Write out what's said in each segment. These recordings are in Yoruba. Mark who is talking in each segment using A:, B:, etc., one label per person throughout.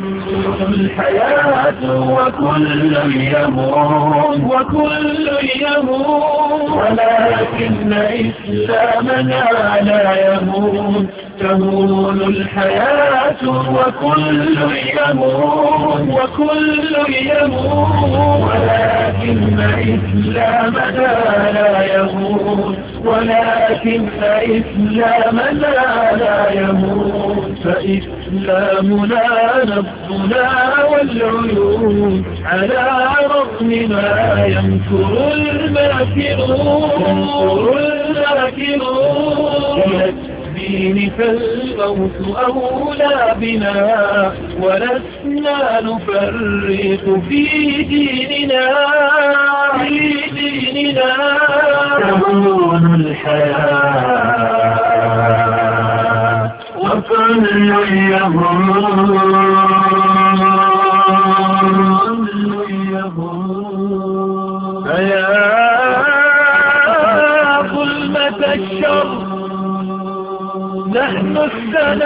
A: Thank you. الحياة
B: وكل يموت
A: وكل يموت ولكن إسلامنا لا يموت تهون الحياة وكل يموت وكل يموت ولكن إسلامنا لا يموت ولكن إسلامنا لا يموت فإسلامنا نبضنا والعيون على رغم ما يمكر الماكرون يمكر الماكرون الدين فالموت أولى بنا ولسنا نفرق في ديننا في ديننا تهون الحياة وكل يهون الشر نحن السلام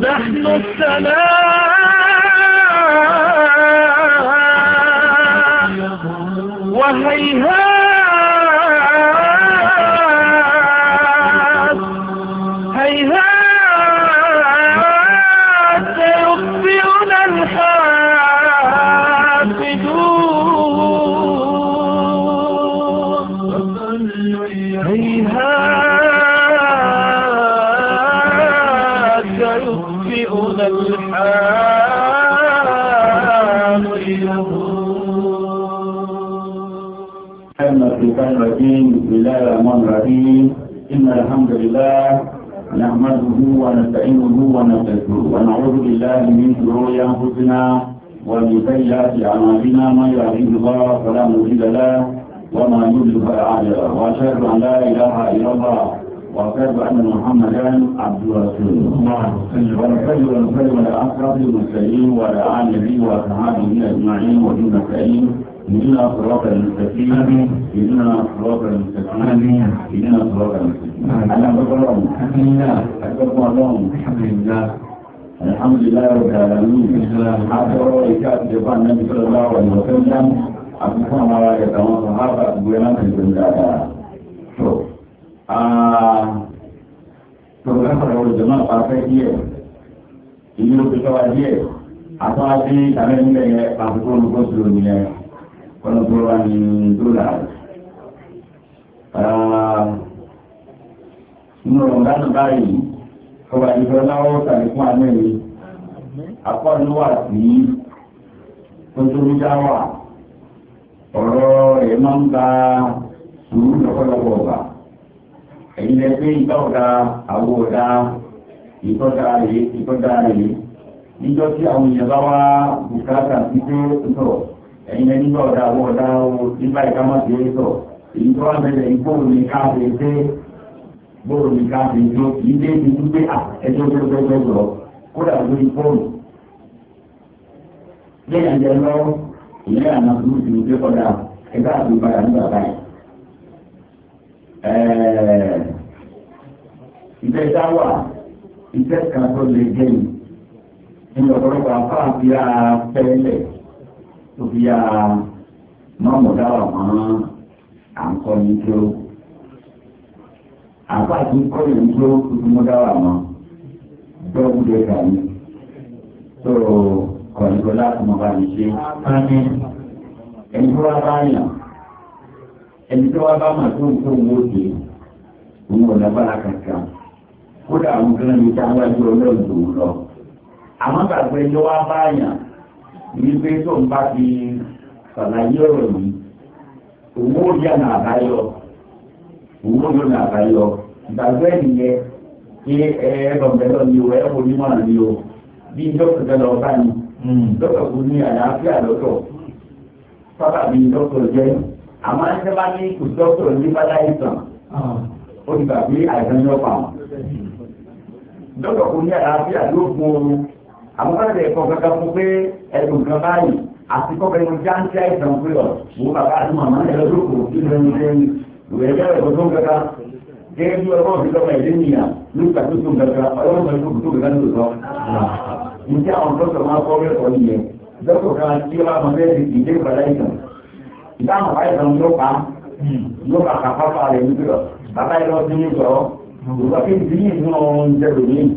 A: نحن السلام وهيهات الشيطان
B: الرجيم بسم الله الرحمن الرحيم إن الحمد لله نحمده ونستعينه ونستغفره ونعوذ بالله من شرور أنفسنا ومن سيئات أعمالنا من يهده الله فلا مضل له وما يضلل فلا هادي له وأشهد أن لا إله إلا الله وأشهد أن محمدا عبده ورسوله ونصلي ونسلم على أشرف المرسلين وعلى آله وأصحابه أجمعين ودون الكريم إننا صراط المستقيم إننا صراط المستقيم إننا صراط المستقيم أنا بكرم الحمد لله أكبر اللهم الحمد لله الحمد لله رب العالمين حتى رأيك أتجفى النبي صلى الله عليه وسلم أكبر مرايك أمام صحابة أبوينا في الجنة شو Tòlẹ́fọ̀rẹ́ olùjọ́mọ́ pàfẹ́ díẹ̀, ìlú òkúta wa díẹ̀, àtọ́ àti ìtàlẹ́ nílẹ̀ yẹn pàfẹ́ tó olùkọ́sùn òmìnira controlling dollars. Inú ọ̀gá náà báyìí, ọba ìfẹ́ láwọ́ tàbí fún àmẹ́rin, akọ́ni wà sí ojúrúdáwà, ọ̀rọ̀ ẹ̀ máa ń gba sùúrù lọ́pọ̀lọpọ̀ ọ̀gá. Ẹ̀yìn lẹ pé ìgbà ọ̀gá, àwọ̀ ọ̀gá, ìtọ́jà rèé, ìtọ́jà rèé. Níjọ́ tí àwọn ẹ̀yin ẹni bá ọ̀dà àwọn ọ̀dà o nígbà ìkámọ́sí ẹ̀ e sọ èyí tó wà bẹ̀rẹ̀ ìgbóhùn ní káàfin pé bóòlù ní káàfin tó kìí dé ibi wípé ẹjọ́ tó tó tó lọ kódà lórí fóònù. lẹ́yìn àjẹ lọ ìyẹn àná tó ti wípé ọ̀dà ẹ̀ka àti ìpadà nígbà báyìí. ìfẹ́ sáwà ìfẹ́ kan tó lè jẹ́ yìí ní ọ̀pọ̀lọpọ̀ àfáà tó yá mọ́mọ́dá wà mọ́ àǹkọ́ ní tó àpá àti kọ́lù ní tó tó mọ́ dọ́gbùdé kà ní tó kọ̀ǹtò láti mọ̀ bá mi ṣe. ẹni tó wá bá yàn ẹni tó wá bá mà tó ń tó ń wó òun ò lágbára kankan kódà àwọn kan ní táwọn ẹgbẹ́ ọlọ́run lọ. àmọ́ gbàgbé ló wá bá yàn ní pé tó ń bá ti ṣàlàyé ọ̀rọ̀ yìí òun ó yà nà àbáyọ òun ó yọ àbáyọ ìgbàgbọ́ ẹ̀nìyẹn kí ẹ rọ̀mẹ́lọ́ ni o ẹ kò ní mọ̀ràn ni o bí dókítà lọ bá ní hmm. dókítà kò ní àlàáfíà lọ́tọ̀ sábà bí dókítà jẹ́ àmọ́ ẹ sábà ní kò dókítà ní bá láì sàn ah. ó ti gbà pé àìsàn yóò pa wọn dókítà kò ní àlàáfíà ló gun oorun àwọn bá rẹ̀ kọ́ kankan fún pé ẹ̀dùn kan báyìí àti kọ́ bẹ́ẹ̀ ní jáńtì àìsàn pé ọ̀ wò bàbá àti màmá ẹ̀ lọ́dọ̀kọ̀ kí ló ń ṣe ìwé ẹgbẹ́ rẹ̀ kọ́tún kankan gẹ́gẹ́ bí ọlọ́run fi lọ́mọ ẹ̀dẹ́ nìyà nígbà tó tún kankan ọlọ́run fi lọ́mọ tó kankan tó sọ. ǹjẹ́ àwọn dọ́kítọ̀ máa kọ́ rẹ́kọ̀ nìyẹn dọ́kítọ̀ kan tí ó bá mọ bẹ́ẹ̀ ti ìdè ìpàdé àìsàn ìdáhùn àìsàn ló pa ló pa kàfáfá rẹ̀ nígbà bàbá ẹ̀ lọ́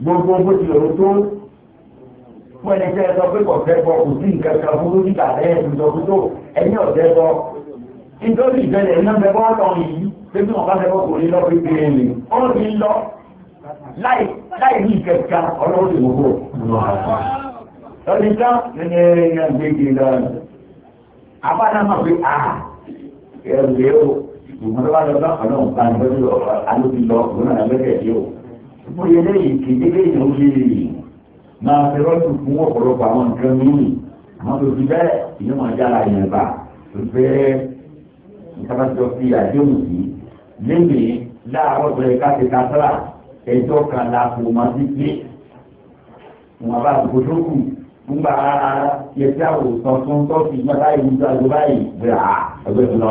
B: gbogbo bó ti lòó tó fún ẹni tẹ́ ẹ sọ pé kọ̀ọ̀fẹ́ bọ kò sí nǹkan kan fún lórí ìgbà rẹ̀ ẹ̀sùn sọ fún tó ẹni ọ̀fẹ́ bọ nítorí ìgbẹ́lẹ̀ iná bẹ bọ́ lọ yìí pé bí wọ́n bá fẹ́ bọ́ kò ní lọ pé pé ẹni ó ní lọ láì ní ìkẹ̀kẹ́ ọlọ́run ti gbogbo. lọ́dún ní ẹ̀yìn àgbègbè lọ́rùn àbáná máa pé o ìgbìmọ̀ tó bá lọ bá ọlọ́run bá ní lọ́dún ọ̀rọ̀ alóbi bóyá lẹ́yìn kéjéké ìyàwó lè rí máa fi rọ́ọ̀tù fún ọ̀pọ̀lọpọ̀ àwọn nǹkan míì àwọn tó fi bẹ́ẹ̀ ìyẹn máa dára yẹn bá tó fẹ́ ìtàkàtì ọ̀fi àdéhùn sí lẹ́yìn láàárọ̀ tó yẹ ká ti ẹjọ́ kan láàpò máa ti pé wọn bá àgbo tó kù nígbà yẹtí àwòsàn tó ń tọ́sí nígbà táyì ń tó àgbo báyìí gbà ẹgbẹ́ tó lọ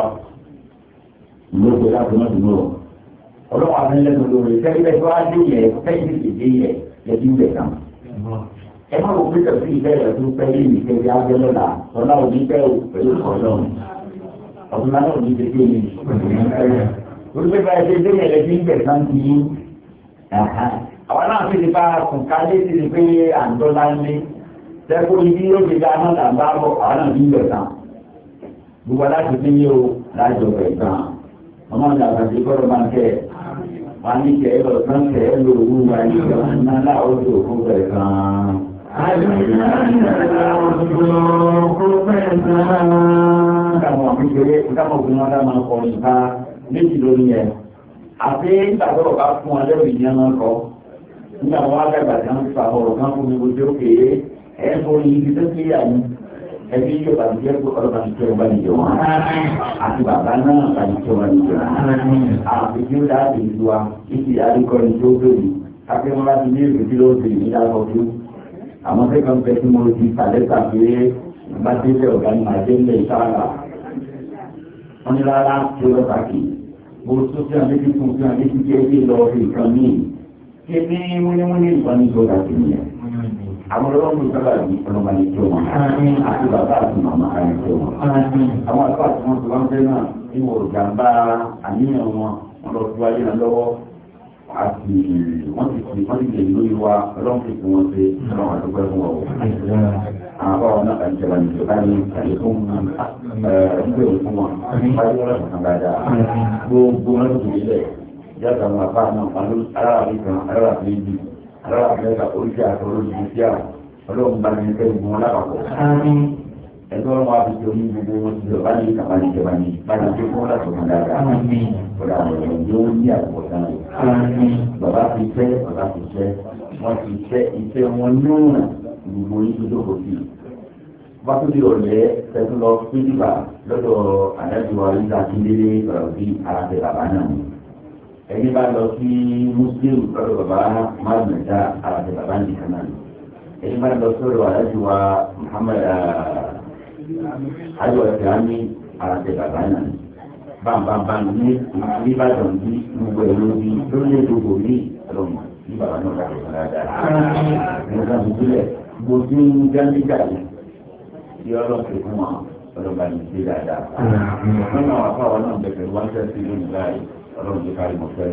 B: ìlú òkè láti mọ́ ọlọ́wọ́ àwọn ẹlẹ́nu lórí sẹ́yìn bẹ́ẹ̀ tó á dé yẹ sẹ́yìn sì dé yẹ lẹ́bí bẹ̀ náà. ẹ má wo pété sí ìfẹ́ rẹ̀ tó fẹ́ yé mi kẹ́kẹ́ ájọ́ lọ́la ọ̀la òní fẹ́ o pẹ̀lú ọ̀lọ́run ọ̀tún náà òní fẹ́ yé mi. olùgbé bá ẹsẹ̀ dé yẹ lẹ́bí bẹ̀ náà ti yí. àwọn náà fi ti bá kùn kálé ti di pé àǹdọ́lá ní sẹ́kọ̀ ibi yóò fi dá náà làbá bọ̀ àwọn náà fi bẹ̀ náà. gbogbo aláṣẹ ti yé o lájọ wọ́n ní kẹ́ ẹ̀rọ kan kẹ́ ẹ̀rọ òwú wa ní ìjọba náà láwọn tó kó bẹ̀ gan-an. Káwọn kékeré káwọn obìnrin wọn dá máa kọ nípa méjì lórí ẹ̀. Àti ìgbàgbọ́ bá fún wọn lẹ́rù ìyẹn máa kọ. Nígbà wọn á dàgbà tí wọ́n ti fa ọ̀rọ̀ kan fún mi ojú òkè ẹ̀ fọ́ ibi tó kéré àwọn ẹbí yóò bá ti jẹ́ pé ọlọ́ba ti jẹ́ ọba nìjọ wọn àti bàbá náà bá ti jẹ́ ọba nìjọ wọn àti tí ó dá àti ìlú wa títí àríkọ́ni tó bèrè káfíń wọn bá ti ní èrò tí ló bèrè ní dákọ̀ tó àwọn akẹ́kọ̀ọ́ bẹ tí mo ti sàlẹ̀ tàbí bá ti lẹ̀ ọ̀gá ní màá jẹ́ ńlẹ̀ ìsáàlà wọn ní rárá tí ó lọ pàkì mo tún fi hàn létí fún fi hàn létí kí ẹ lọ fi nǹkan míì kí ní múnímúní àti nìyẹn àwọn ọlọ́mọ ìgbàlá yìí ọlọ́mọ ayé tó wọn àti bàbá àti màmá ayé tó wọn. àwọn àlùfáà tí wọ́n ti wá ń fẹ́ náà ní wọ́n gàmbá àníyàn wọn wọ́n lọ sí wáyé náà lọ́wọ́ àti wọ́n ti fi wọ́n ti lè lórí wa ọlọ́mọ ti fi wọn ṣe ọlọ́mọ àdúgbò ẹ̀fọn wọ̀ àwọn àbáwọn náà kà ń jẹba ní ìjọba ní àlékún ẹgbẹ́ òkú wọn wáyé wọn lọ́sàn kan dáadáa gbogbo wọn lọ́sàn kan lẹ̀ yàtọ̀ àwọn àbá alábàbẹ̀rẹ̀ àforíjì àforíjì sí àwọn ọlọ́run bá ní kẹ́lí wọn lápapọ̀. ẹgbẹ́ wọn wá fi jọ ní gbogbo wọn ti lọ bá ní ìjọba ní ìjọba ní báyìí tó fún láti wọn dáadáa. ọ̀dà ọ̀rọ̀ yóò ní àpò sáré. bàbá fi fẹ́ bàbá fi fẹ́ wọ́n ti fẹ́ ìfẹ́ wọn lóòrùn gbogbo yín tó dókòó sí i bákúndé ọ̀lẹ́ tẹ̀sán lọ fún ìgbà lọ́dọ̀ àdájọ́ ayélujára kí lélẹ́ ọ̀rọ̀ bíi alábẹ́ bàbá náà ẹni bá lọ sí muslim lọ́dọ̀ bàbá mahamada àti bàbá nìkan náà ẹni bá lọ sọ́dọ̀ alájú wa muhammad ah, alájú wa sàmì àti bàbá náà bàbàbàn ní nìbàdàn bí gbogbo ẹ̀rọ bí lórí gbogbo bí ọlọ́mọ ní bàbá náà láti sọ̀rọ̀ dáadáa ní ọjọ́ ìbílẹ̀ gbogbo ní gándigà yìí tí ọlọ́ọ̀kẹ́ fún wa ọlọ́ba ní ìdílé dáadáa. ọ̀nà àwọn afáwọn náà bẹ̀rẹ̀ wọ́n fẹ́ sí lónìí báyìí ọlọ́run ti kárí mọ̀ fẹ́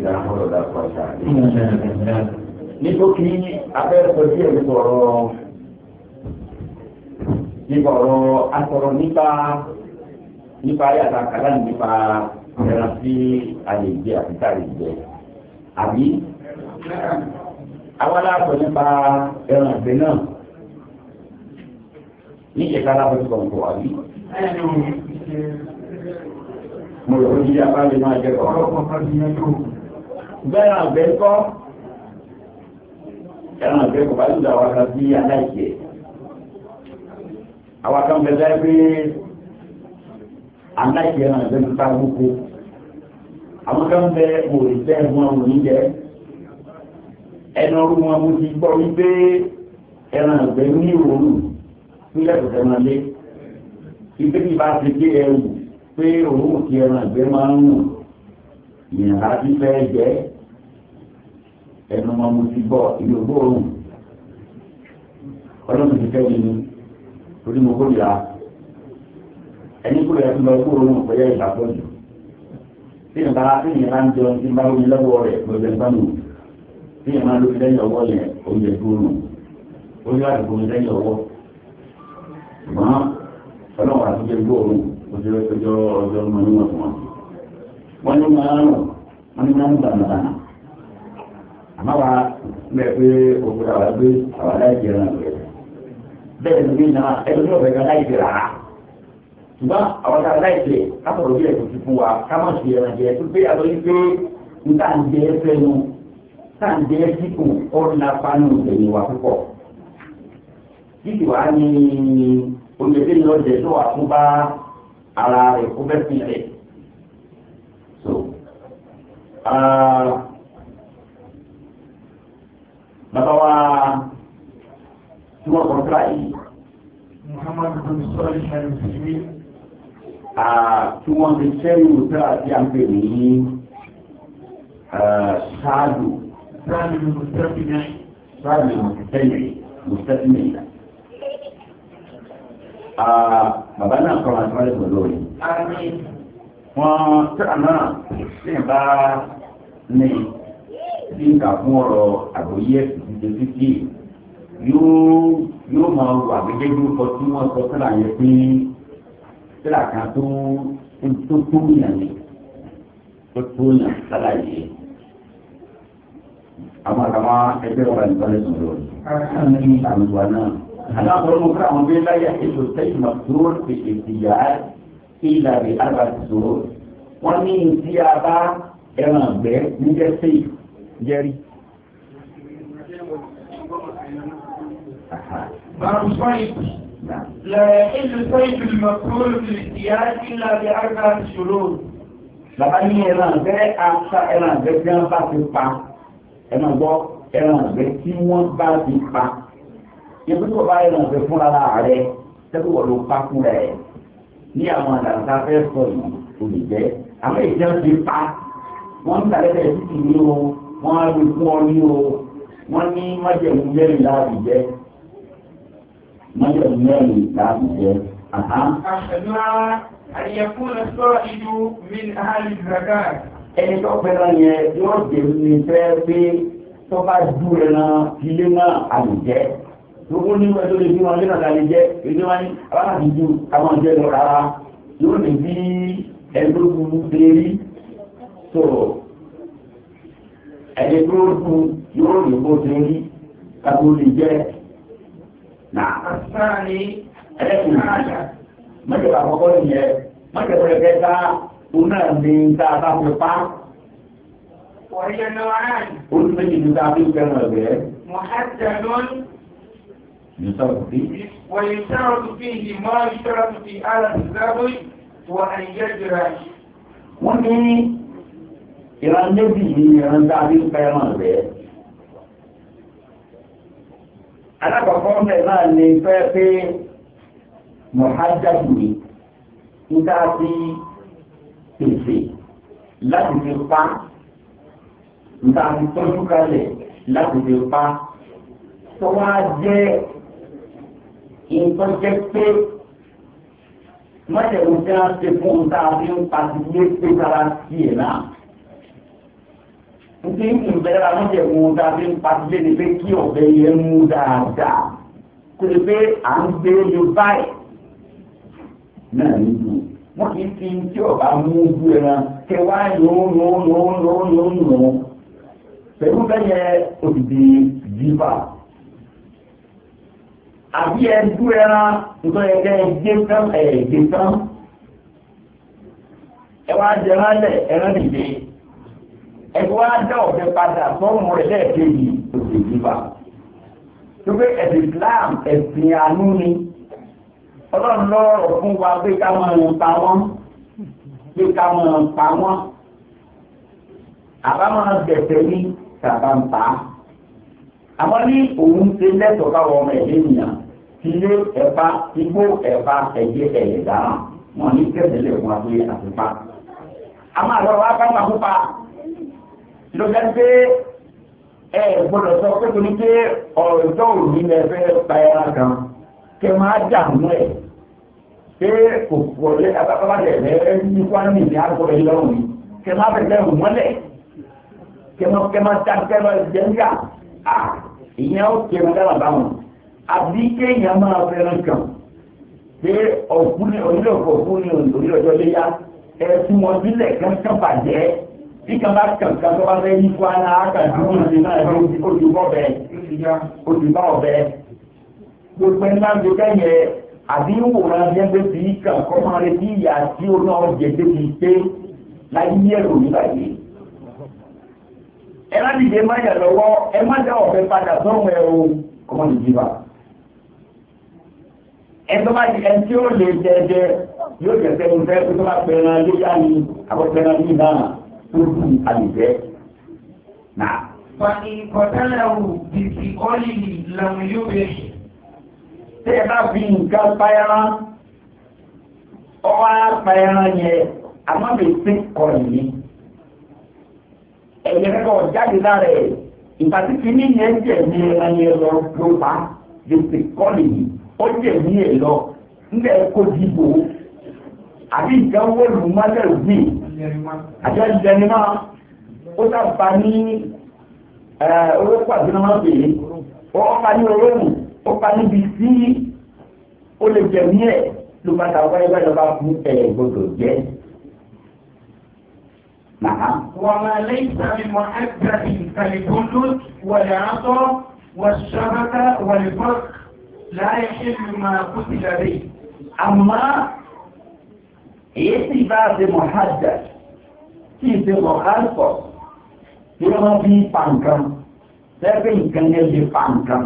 B: ìdá mọ́tò dá fún àṣà àdé. nítorí abẹ́rẹ́sọ díẹ̀ sọ̀rọ̀ nípa ọ̀rọ̀ asọ̀rọ̀ nípa nípa ayé àtàkàlà nípa ẹran sí àlejò àti sàlejò àbí àwọn aláàbọ̀ nípa ẹran ìgbẹ́ náà ní ìjẹ̀ká alábọ̀ tó kọ̀ ń mo rò ní apá lè máa jẹ bẹ́ẹ̀ àgbẹ̀ kọ́ ẹ̀rọ àgbẹ̀ kò bá lùdà wà kan sí aláìjẹ àwọn kan bẹ dáa pé aláìjẹ náà bẹ nípa gbogbo àwọn kan bẹ wò lè bẹ wọn ò ní jẹ ẹnu ọrú wọn mo ti gbọ́ wípé ẹran àgbẹ̀ ní òru nílẹ̀ kò tẹ̀ máa lé ibi tí bá ti dé ẹrù pé òun kí ẹran ìgbẹ́ máa ń rùn ìyàrá ti fẹ́ jẹ́ ẹnu ọmọ mo ti bọ̀ ìlú ògbóòrùn ọlọ́run ti fẹ́ mi ni torí mo kó ìlà ẹni kó ìlà tó lọ ògbóòrùn pẹ̀lú ìgbàgbọ́jù tí ìgbà tí ìyàrá ń jọ ti bá omi lọ́wọ́ rẹ̀ pẹ̀lú ìgbàgbọ́jù tí ìyàrá ló fi lẹ́yìn ọwọ́ yẹn oúnjẹ gbóòrùn ó yọ àdúgbò lẹ́yìn ọwọ́ ṣùgbọ́n ọlọ́run àti oúnjẹ gbóòrùn ọjọ́ ọjọ́ ọjọ́ ọmọ níwọ̀n fún wọn. wọ́n ní máa ń rùn wọ́n ní máa ń gbàmù lànà. àmọ́ wa mẹ́ pé òkúta wà gbé àwọn aláìsí ẹran rẹ̀. bẹ́ẹ̀ ni bí náà ẹgbẹ́ tó bẹ̀rẹ̀ aláìsí rà á. ṣùgbọ́n àwọn tá aláìsí kápọ̀rọ̀ bí ẹ̀kọ́ ti fún wa ká má sì ẹran jẹ tó pé àtọ́ yí pé nta ń jẹ ẹsẹ̀ nu tá ń jẹ ẹsìkùn ó ìgbẹ̀yìn wa púpọ̀. títí wàá ní omi ẹgbẹ́ ni tó wà fún bá ara rẹ̀ kó bẹ́ẹ̀ fi lẹ̀ so ah, bàbá wa tí wọ́n kọ́ síra yìí.
A: Muhammadu bin Sọ́lí Ṣàlùfíì.
B: Ah, tí wọ́n ti sẹ́yìn òtúrà tí a ń pè ní ṣáàdù. Ṣáàdù Mùsùlùmí. Ṣáàdù Mùsùlùmí. Mùsùlùmí bàbá náà kọ́ àti wọ́n lè pẹ̀lú òye. wọ́n tíra náà sì bá ní sí ìkà fún ọ̀rọ̀ àgbóyé ìdíje títí yóò yóò máa wà gẹ́gẹ́ bí ọkọ̀ tí wọ́n sọ sílà yẹn pé sílà kan tó tó tó yàn ní tó tó yàn sálàyé àwọn àgbà ẹgbẹ́ ọ̀rọ̀ ìbánisọ̀rọ̀ àti àwọn ìgbà náà. أنا أقول لك أن لا يحل السيف مقدور في الابتداعات إلا بأربعة شروط ومن سيابا ẹran àgbẹ̀ níjẹ́ sèyí jẹ́rí. Bàrùn sọ́yìn lẹ̀rẹ̀ ìlú sọ́yìn ìlú mọ̀kúrò ìyá ìlà bí àgbà ṣòro. Bàbá ní ẹran àgbẹ̀ àṣà ẹran àgbẹ̀ tí wọ́n bá ti pa, ẹran ìbúdó bá yẹ wọn fẹ́ fúnra rẹ̀ tẹ́bí wọ́n ló pákú rẹ̀ ní àwọn àdàlùkà fẹ́ sọ yìí kò lè jẹ́ àwọn ìjẹ́ ti pa wọ́n ń tàlẹ́ bẹ́ẹ̀ títì ní o wọ́n á lè fún ọ ní o wọ́n ní májèmú mẹ́rin láàbì jẹ́ májèmú mẹ́rin láàbì jẹ́. àyẹ̀kún sọ ìlú ẹni tó fẹ́ràn yẹn yóò dé ní fẹ́ pé tó bá dúró náà ilé náà àlùjẹ́ gbogbo ní ẹjọ́ lè fi wọn lé nàdà lè jẹ́ èdè wọn ní aláàbí ju àwọn jẹ́ lọ rárá yóò lè bí ẹgbẹ́ gbogbo ṣe rí tó ẹni tó dùn yóò lè bó ṣe rí kátó lè jẹ́ nà sáàni ẹlẹ́kùn àṣà mọ́jọba àkọ́kọ́ nìyẹn mọ́jọba ẹgbẹ́ ta òun náà ní ta bá fi pa. Wọ́n yẹ náà rán. Olùdókòwò ta fi fẹ́ràn ẹ̀gbẹ́. Mọ̀hádìá lọ́nù. يشترط فيه ما يشترط في آلة الزبر وأن يجرى wọ́n ní ìran méjì ní ìran dáadé ń fẹ́ràn rẹ̀ alákọ̀ọ́kọ́ mẹ́ náà ni fẹ́ pé mọ̀hájáde ń dá sí pèsè láti fi pa ń dá tọ́jú kalẹ̀ láti fi pa tó wá jẹ́ nǹkan jẹ́ pé mọ́tẹ̀wò tí wọ́n ṣe fún un tá a fi ń pàṣẹ ilé pé sára sí ẹ̀ náà. Nítorí ìbẹ̀rẹ̀ àwọn mọ́tẹ̀wò tá a fi ń pàṣẹ ilé ni pé kí ọ̀bẹ yẹn mú dáadáa. Kò lè pé à ń gbé ní báyìí náà níbi. Wọ́n kì í fi tí ọ̀bá mú ojú ẹran kẹ wá yòó yòó yòó yòó yòó yòó. Pẹ̀lú àbí ẹdú ẹran nǹkan ẹgbẹ́ ẹgbẹ́ tán ẹ̀ẹ́gbẹ́ tán ẹ wá jẹran lẹ̀ ẹran nìgbẹ́ ẹgbẹ́ wá dá ọ̀bẹ padà fọ́ọ̀mù rẹ̀ lẹ́ẹ̀kejì òkè ìdíbà tó pé ẹ̀sìn Islam ẹ̀sìn àánú ni ọlọ́run lọ́rọ̀ fún wa pé ká máa ń pa wọ́n pé ká máa ń pa wọ́n àbá máa bẹ̀tẹ̀ ní tàbá ń pa àmọ́ ní òun ṣe lẹ́tọ̀ọ́ káwọn ọmọ ẹ̀dẹ́ nìyàn ilé ẹ̀fà igbó ẹ̀fà ẹ̀yẹ ẹ̀yẹ̀dá wọn ní kẹ́tẹ̀lẹ̀ wọn pé àtúpa. a máa lọ wá bá wọn pupa ló dá pé ẹ gbọdọ̀ sọ pé torí pé ọ̀dọ́ òní lẹ fẹ́ pa ẹran kan kẹ máa dààmú ẹ̀ pé kò wọlé abábábalẹ̀ rẹ ní kwani ní àgbọ̀dọ̀ ìlọrin kẹ máa bẹ̀rẹ̀ mọ́lẹ̀ kẹ máa dá kẹ máa jẹ́ níyà ìyẹn ó kẹrin dára báwọn àbí kéèyàn máa fẹ́ràn kàn pé ọ̀fúnni onílọ̀kọ̀ fúnni onílọ̀jọ́ lé yá ẹ̀sùn wọn sílẹ̀ kankan bàjẹ́ bí kan bá kankan tó bá fẹ́ yí fún aná àkàndúró ní náà ló ti ojú bọ́ bẹ́ẹ̀ ojú bá ọ̀bẹ. gbogbo ẹ̀ máa ń gbé kẹ́yẹ àbí wòran jẹ́ pé fi kankan máa retí ìyá tí ó náà jẹ́ pé fi pé láyé yẹ̀rọ nígbà yìí ẹ má dìde má yà lọ́wọ́ ẹ má dá ọ̀bẹ padà sọ́run ẹ̀ o ọmọ nìjíríà ẹ̀tọ́ bá jẹ́ tí ó lè jẹ́jẹ́ yóò jẹ́ pé ìfẹ́ tó bá pẹ̀rẹ̀ lóyá ni àbọ̀pẹ̀rẹ̀ ní náà tó kù àlùfẹ́ náà. Fani kọ̀tẹ́lẹ̀wò bìbì ọ́lì lẹ́wọ̀n yóò bẹ̀rẹ̀. Tẹ́ ẹ bá fi nǹkan ni. Ẹ̀yẹ kẹ́kọ̀ọ́ jáde lára ẹ̀, ìgbà tí kìíní yẹn jẹ̀ ní ẹran ló pa, bẹ̀ sí kọ̀ọ̀lì yìí. ó jẹ̀ ní ẹ̀ lọ nílẹ̀ kó dìbò àbí nǹkan wọ́n lù mọ́lẹ̀ gbìn àjọ ìjẹni máa ó sábà ní orúkọ àbínámábìnrin ó pa ní olóhùn ó pa níbi tí ó lè jẹ ní ẹ̀ ló bá ta wáyé wáyé lọ́ba fún ẹ̀ gbọdọ̀ jẹ́. وما láyé ṣe máa kú ti rẹ̀ àmá èyí sì bá ṣe mọ̀hájà tí ì ṣe mọ̀hájọ̀ tí wọ́n fi ń pa nǹkan lẹ́gbẹ́ nǹkan yẹn lè pa nǹkan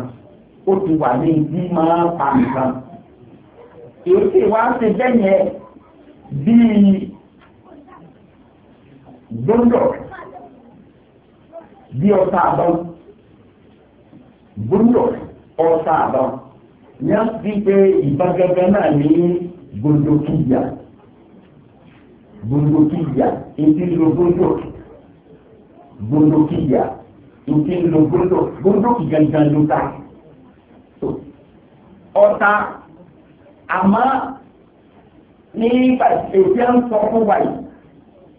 B: ó ti wà ní ibi máa pa nǹkan èyí sì wá ṣe bẹ́ẹ̀ yẹn bíi gbọ́dọ̀ bí ọta àbọ̀ gbọ́dọ̀ ọta àbọ̀ ní a ti pé ìbágẹ́gẹ́ náà ní gbòdòkìyà gbòdòkìyà ètí lo gbòdò gbòdòkìyà ètí lo gbòdò gbòdòkìyà gan ló ta ọ̀tá àmọ́ nígbà ètí ń sọ fún wa yìí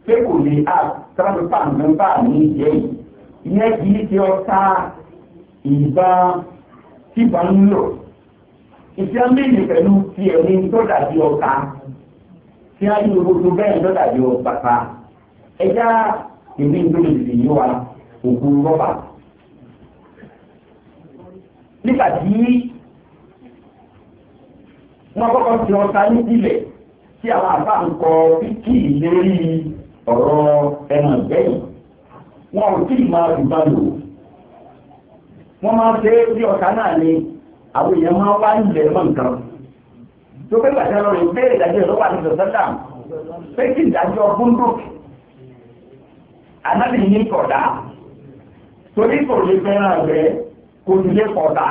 B: pé kò lè a tọ́lọ́pàá mẹ́fà ní ìjẹ́ yìí ìyẹn kì í ṣe ọ̀tá ìbá tí ń lò ìfẹ́ méjì pẹ̀lú ti ẹ̀mí tó dàbí ọ̀ka tí a yí gbogbo bẹ́ẹ̀ tó dàbí ọ̀pàpà ẹja ìbí tó lè dìde yí wa òkú rọ́bà. nígbà tí wọ́n kọ́kọ́ ti ọta ní ilẹ̀ tí àwọn àbá ń kọ kíkì lérí ọ̀rọ̀ ẹ̀nà ìgbẹ́yìn wọn ò tí ì máa rí bá lò wọ́n máa ṣe é bí ọ̀ka náà ni àwọn èèyàn máa wá ilẹ̀ mọ́ nǹkan tó pé gbàtẹ́ lọ́rọ̀ ìbéèrè ìdájọ́ ìlú wà nígbà sọ́dà pé kí ìdájọ́ búndùk anábì ní kọ̀dá torí kò lè fẹ́ràn rẹ̀ kò sì lè kọ̀dá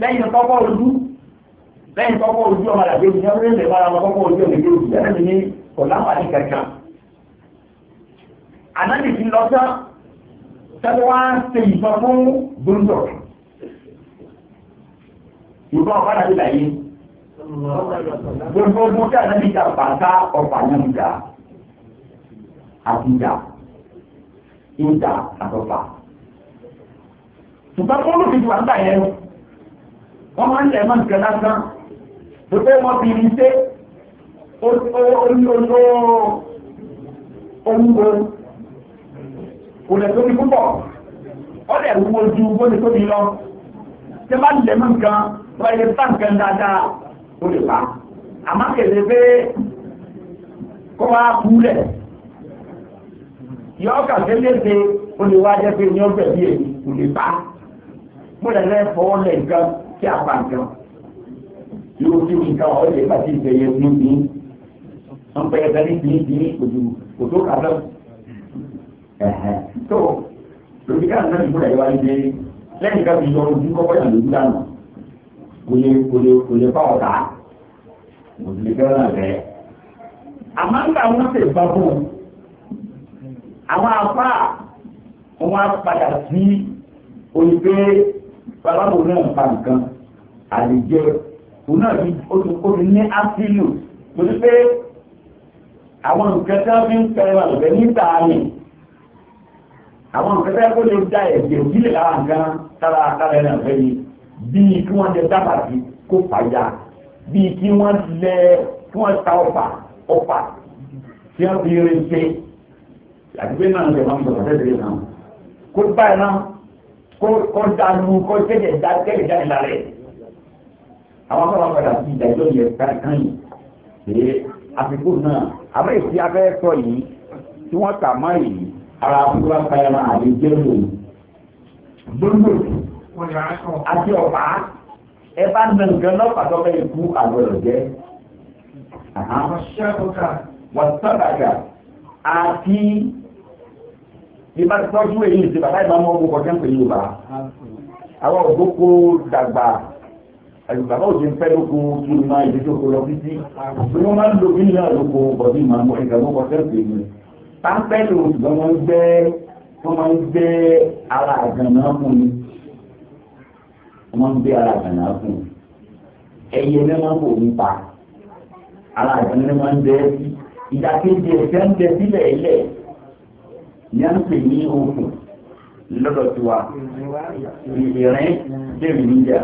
B: lẹ́yìn tọ́kọ́ ojú lẹ́yìn tọ́kọ́ ojú ọmọ làgbéjì ní ọdún ìlẹ̀ mara wọn tọ́kọ́ ojú ọmọdéjì lẹ́yìn ní kọ̀dá wà ní kẹ̀kẹ́ anábì ti lọ sán tẹ́wọ́ á ṣe ìfọ́ fún búndùk ìbá ọ̀pára ti láyé. Gbogbo ogun tí a náà ti ta pàtà ọ̀pá náà ń jà. Àti ìjà. Ìjà àtọ̀pà. Ṣùgbọ́n kó ló fi jù àgbà yẹn. Wọ́n máa ń lẹ̀ mọ́ nǹkan lásán. Gbogbo wọn fi ní ṣe olóńgbò kò lẹ̀ tó ní púpọ̀. Ó lẹ̀ wúwo ju bó ti tó ti lọ. Ṣé bá lẹ̀ mọ́ nǹkan? báyìí báńkì dáadáa ó lè pa àmọ́ kèlè pé kó wá kú lẹ̀ yọ kàfé léde ó lè wá jẹ́ pé ní ọgbẹ́ bí èyí kò lè pa mo lè lẹ́ fọwọ́ lẹ̀ nǹkan kí a pa nǹkan yóò fi nǹkan ọ̀ lè pàtí ìfẹ̀yẹ fún mi wọ́n pẹ́ ẹ̀ka ní tìǹ tìǹ òjò òjò kàdọ́ tó lórí káàkiri náà ìfúnra ìwádìí lẹ́yìn ká fi yọ ojú kọ́kọ́ yà lójú lánàá kò lè kò lè kò lè bá ọ̀tá mùsùlùmí àmọ́ nígbà wọn ṣe bá fún un àwọn afá wọn padà sí orí pé babawo náà ń pa nǹkan àlejò òun náà ní ó ní áfílù torí pé àwọn nǹkan tí wọ́n fi ń pẹ̀rẹ̀ wà lọ́gbẹ́ níta ni àwọn nǹkan tí wọ́n kó lè da ẹ̀jẹ̀ òjìlè lára nǹkan tára tára ẹ̀ náà fẹ́ yìí bíi kí wọ́n lẹ dábàbí kó fàyà bíi kí wọ́n lẹ kí wọ́n ta ọ̀pá ọ̀pá tí wọ́n fi rin ṣe àdúgbò náà lè máa ń sọ̀rọ̀ lẹ́sẹ̀ náà kó báyìí náà kó kó dànù kó kéde dá kéde dá ìlà rẹ̀ àwọn akọ́wà padà sí ìdájọ́ yẹn kankan yìí ṣe àfikún náà àbẹ́ ìsí abẹ́ sọ yìí tí wọ́n kà má yìí ara àfikún apáyà náà àlejò lòun gbogbo àti ọ̀pá ẹ bá nà nǹkan náà pàtó fẹ́ ikú àgbọ̀dọ̀ jẹ́ wọ́n sábàgà àti ìbá tọ́jú èyí ti bàbá ìbá mọ́ ọgbọ́n kọjá ń pè Yorùbá àwọn ògbókó dàgbà àgbàbá òjò ń fẹ́ lóko kí n máa ìdíjọ́ kó lọ títí bí wọ́n máa ń lo bílíọ̀ lóko bọ̀dí màá mọ́ ìgbà mọ́ kọjá ń pè mí pápẹ́ lòun ṣùgbọ́n wọ́n ń gbẹ́ ara àgànnà fún wọ́n máa ń gbé ara àgbàlá fún un ẹyẹ mẹ́wàá kò ní pa ara àgbàlá máa ń bẹ sí ìdákéjì ẹ̀fẹ́ ń bẹ sílẹ̀ ẹ̀lẹ̀ ní à ń pè ní òkun lọ́dọ̀ tí wa ìrìn lèmi níjà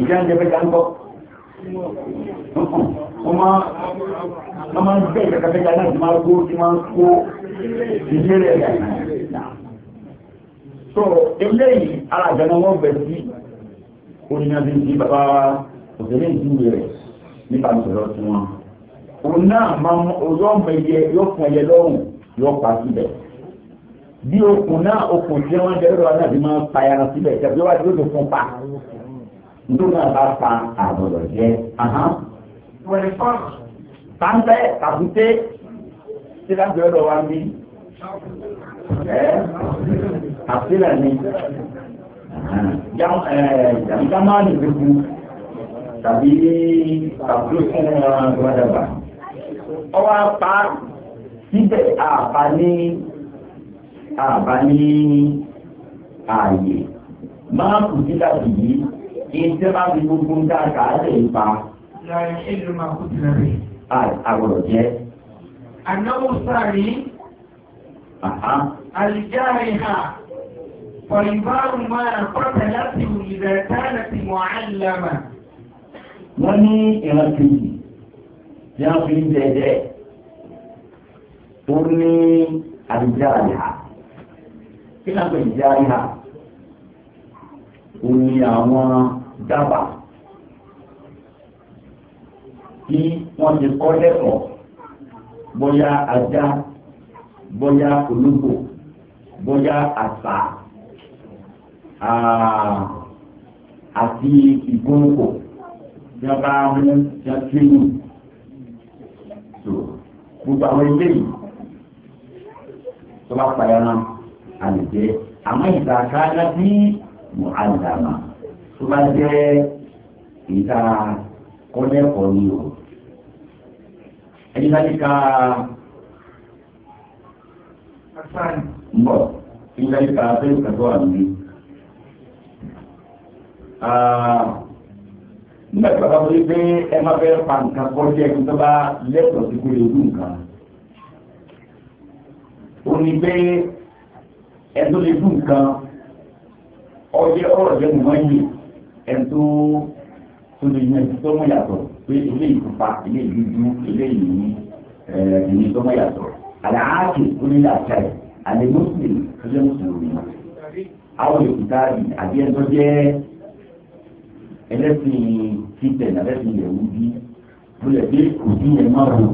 B: ìjà ń jẹ́fẹ́ jáńkọ́
A: wọ́n máa ń gbé
B: ìjọkafẹ́jà náà máa kó tí máa kó ìdílé rẹ̀ náà. so eléyìí ara àgbàlá wọn bẹ̀ sí orí náà bí bí bàbá òṣèré ìdúró rẹ̀ nípa ìṣòro tí wọ́n. òun náà máa ń ojú ọmọ ẹyẹ yóò fún ẹyẹ lọ́rùn yóò pa síbẹ̀. bí okùn náà okùn tí wọ́n jẹ́ lọ́wọ́ náà fi máa ń pa ẹran síbẹ̀ tẹ̀síwájú wá dúró tó fún pa. nítorí náà bá pa àbọ̀dọ̀ jẹ́. pàǹpẹ́ kàkúté tí láti ọ̀dọ̀ wa ń bí. àfílà ni jámáàlì gbogbo tàbí tàbílò fún ọgbọ́dàgbà ọwọ́ apá síbẹ̀ àbá ní àbá ní ààyè máa kù sí láti yìí ìṣẹ́ bá fi gbogbo ń dáka lè pa àwọ̀rọ̀ jẹ́ Ànáwó sáàrí, àlìjáàrí ha, فالبار ما قتلته إذا كانت معلمة wọ́n ní ìran kejì tí wọ́n fi ń jẹ́jẹ́ ó ní àìjáàyà kí náà pẹ̀lú ìjáàyà ó ní àwọn dábàá tí wọ́n ti kọ́ lẹ́kọ̀ọ́ bóyá ajá bóyá ológbò bóyá àṣà. Ah, àti ìgbónkò tí wọ́n bá mú tí wọ́n tí mú so gbogbo àwọn ilé yìí tó bá pa ẹran àlùjẹ àmọ́ ìta káyá sí mùhàlùdàmà tó bá jẹ́ ìta kọ́lẹ́kọ̀ọ́ ni o ẹni láti ka ń bọ̀ ìlànà ìta abẹ́rù kàtó àlùjẹ. Ah, nígbà tí bàbá wọlé pé ẹ má fẹ́ pa nǹkan kọ́jẹ́ kí tó bá lẹ́tọ̀ọ́ sí kúrò ojú nǹkan ó ní pé ẹ tó lè fún nǹkan ọjẹ́ ọ̀rọ̀ jẹ́ mọ̀ yìí ẹ tó tó lè yẹn tó mọ̀ yàtọ̀ pé ilé ìfúnpa ilé ìdúdú ilé ìyìnbí ẹ̀ẹ́dìní eh, tó mọ̀ yàtọ̀ àdáhàkì ó ní làákà ẹ̀ àlẹ́ mọ́sùlùmí tó jẹ́ mọ́sùlùmí àwọn èkúta àbí ẹjọ́ jẹ́ ẹlẹ́sìn títẹ̀ lẹ́sìn yẹ̀wù bí bóyá bí kò sí yẹn máa wò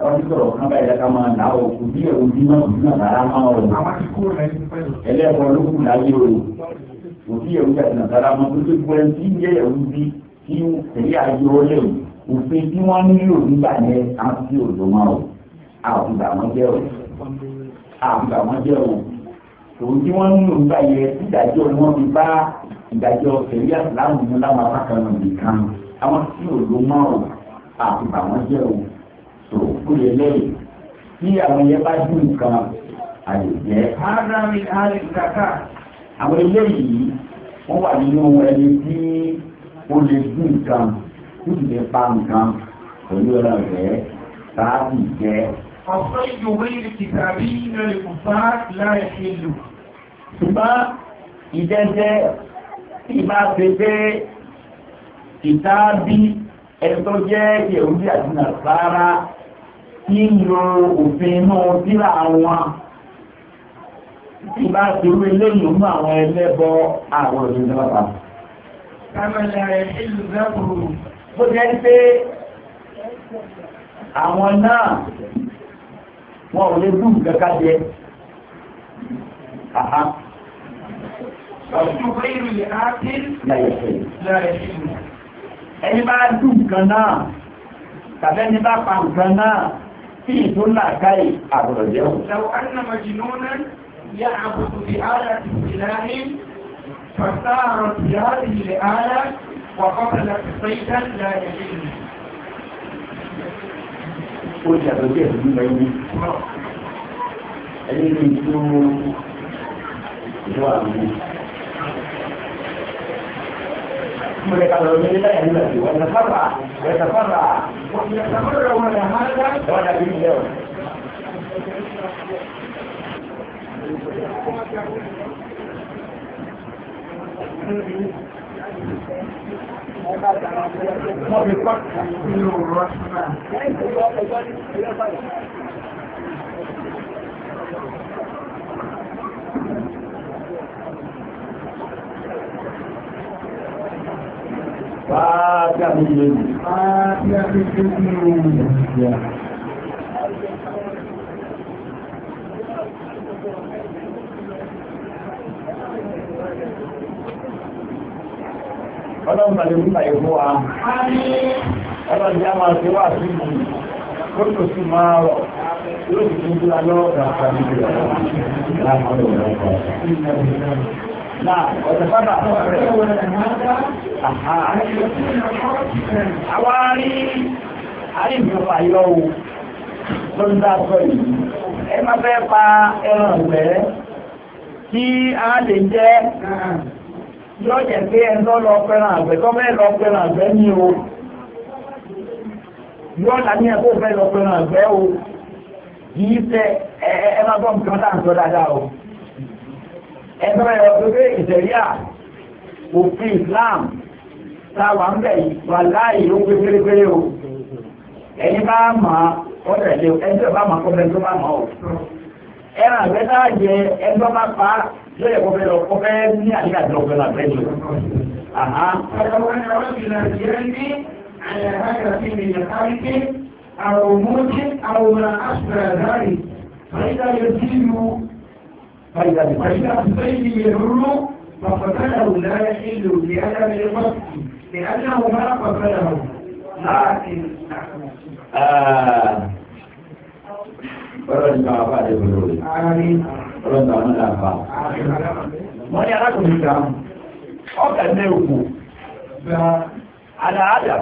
B: àwọn tí sọ̀rọ̀ kan báyìí lẹ́ka máa nà ó kò sí yẹ̀wù bí máa kò sí náà rárá máa wò. ẹlẹ́kọ̀ọ́ ló kù láyé o kò sí yẹ̀wù bí àti nàtàrà máa tó tó gbọ́dọ̀ tí ń jẹ́ yẹ̀wù bí tí tẹ̀lé ayé ọ lẹ́yìn òfin tí wọ́n nílò nígbà yẹn á sí òjò máa wò àbùdà wọn jẹ́ o àbùdà wọn jẹ́ o tòun tí wọ́n nílò nígbà yẹn ìdájọ́ ẹ̀rí àtìláàmù mú láwọn apákanà nìkan àwọn tí ò ló mọ́ ọ̀ àti bàwọn jẹ́ ò tó kó yẹ lẹ́yìn tí àwọn yẹn bá dùn nǹkan àyè jẹ́. ádámì alẹ́ kàkà. àwọn eléyìí wọ́n wà nínú ẹni tí ó lè dùn nǹkan tó sì lè pa nǹkan pẹ̀lú ẹran rẹ̀ sáàbì jẹ́.
A: ọ̀sán ìjọba
B: ilé kìtàbí ìrẹ̀lẹ̀ kò bá láì ṣe lò. ṣùgbọ́n ìdẹ́jẹ́ tí ìbá ṣe pé ìtàbí ẹ̀tọ́ jẹ́ yẹ̀wúdí àti nàìjíríà tí ń lo òfin inú síra wọn tí ìbá ṣe wé lẹ́yìn mú àwọn ẹlẹ́bọ àwọn òṣèlú bàbá.
A: kámẹ́lá ẹ̀ ìlú bẹ́ẹ̀rù. bó
B: jẹ́ pé àwọn náà wọn ò lè dùn kankan jẹ.
A: Ọdúnbẹ́rù
B: lè á tí lẹ́rẹ̀ sí. Ẹni bá dùn nǹkan náà, tàbẹ́ni bá pa nǹkan náà, tí ìtò làkáì àbọ̀rọ̀ jẹ́ òun. Ṣàwọn annàmà jìnnà yá Ó jàdọ̀ ìjọ àbúrò mereka berbeda yang lagi wajah sama wajah sama wajah sama wajah mana wajah ini dia
A: Thank you.
B: Fáàkì àti ìlèdì.
A: Fáàkì àti ìlèdì.
B: Ọlọ́run tàbí mú tàbí fún wa. Ọlọ́run jẹ́ máa ṣe wà sí ìlú. Ó kò sí máa rọ̀. Yóò sì tún jùlọ lọ́wọ́ Àwárí àríbìnfà yọ o, ló ń dákọ̀ yìí. Ẹ máa fẹ́ pa ẹran ìgbẹ́ tí a lè jẹ́ yọ́ jẹ́ pé ẹ̀ndọ́ lọ pẹran àgbẹ̀ tó mẹ́ lọ pẹran àgbẹ̀ ní o. Yọ́ láti ẹ̀kọ́ fẹ́ lọ pẹran àgbẹ̀ o. Yìí fẹ́ ẹ ẹgbẹ́ ọdọ́gbé ìṣẹ̀ríà òfin Islam táwà ń bẹ̀ wà láàyè ló pé pérépéré o ẹ̀yin bá mọ̀ ọ́ tẹ̀lé o ẹjọ́ bá mọ̀ kọ́fẹ́ tó bá mọ̀ ọ́ ẹran àgbẹ̀ náà jẹ ẹgbẹ́ bá pa lóye kọ́fẹ́ lọ kọ́fẹ́ ní àdínkà tó lọ́kọ́ náà bẹ́ẹ̀ ni o. Àwọn ọmọ ìlànà ìyẹn ní àyàkáyà sí ìrìnà káríkì àwọn ọmọ فإذا بطيب يمر فقتله لا يحل بألم الوصف لأنه ما قتله لكن Ọlọ́run bá bá dé gbogbo rẹ̀. Ọlọ́run bá wọn dáa bá. Wọ́n ní arákùnrin kan, ọkà ní òkú, àdáadà,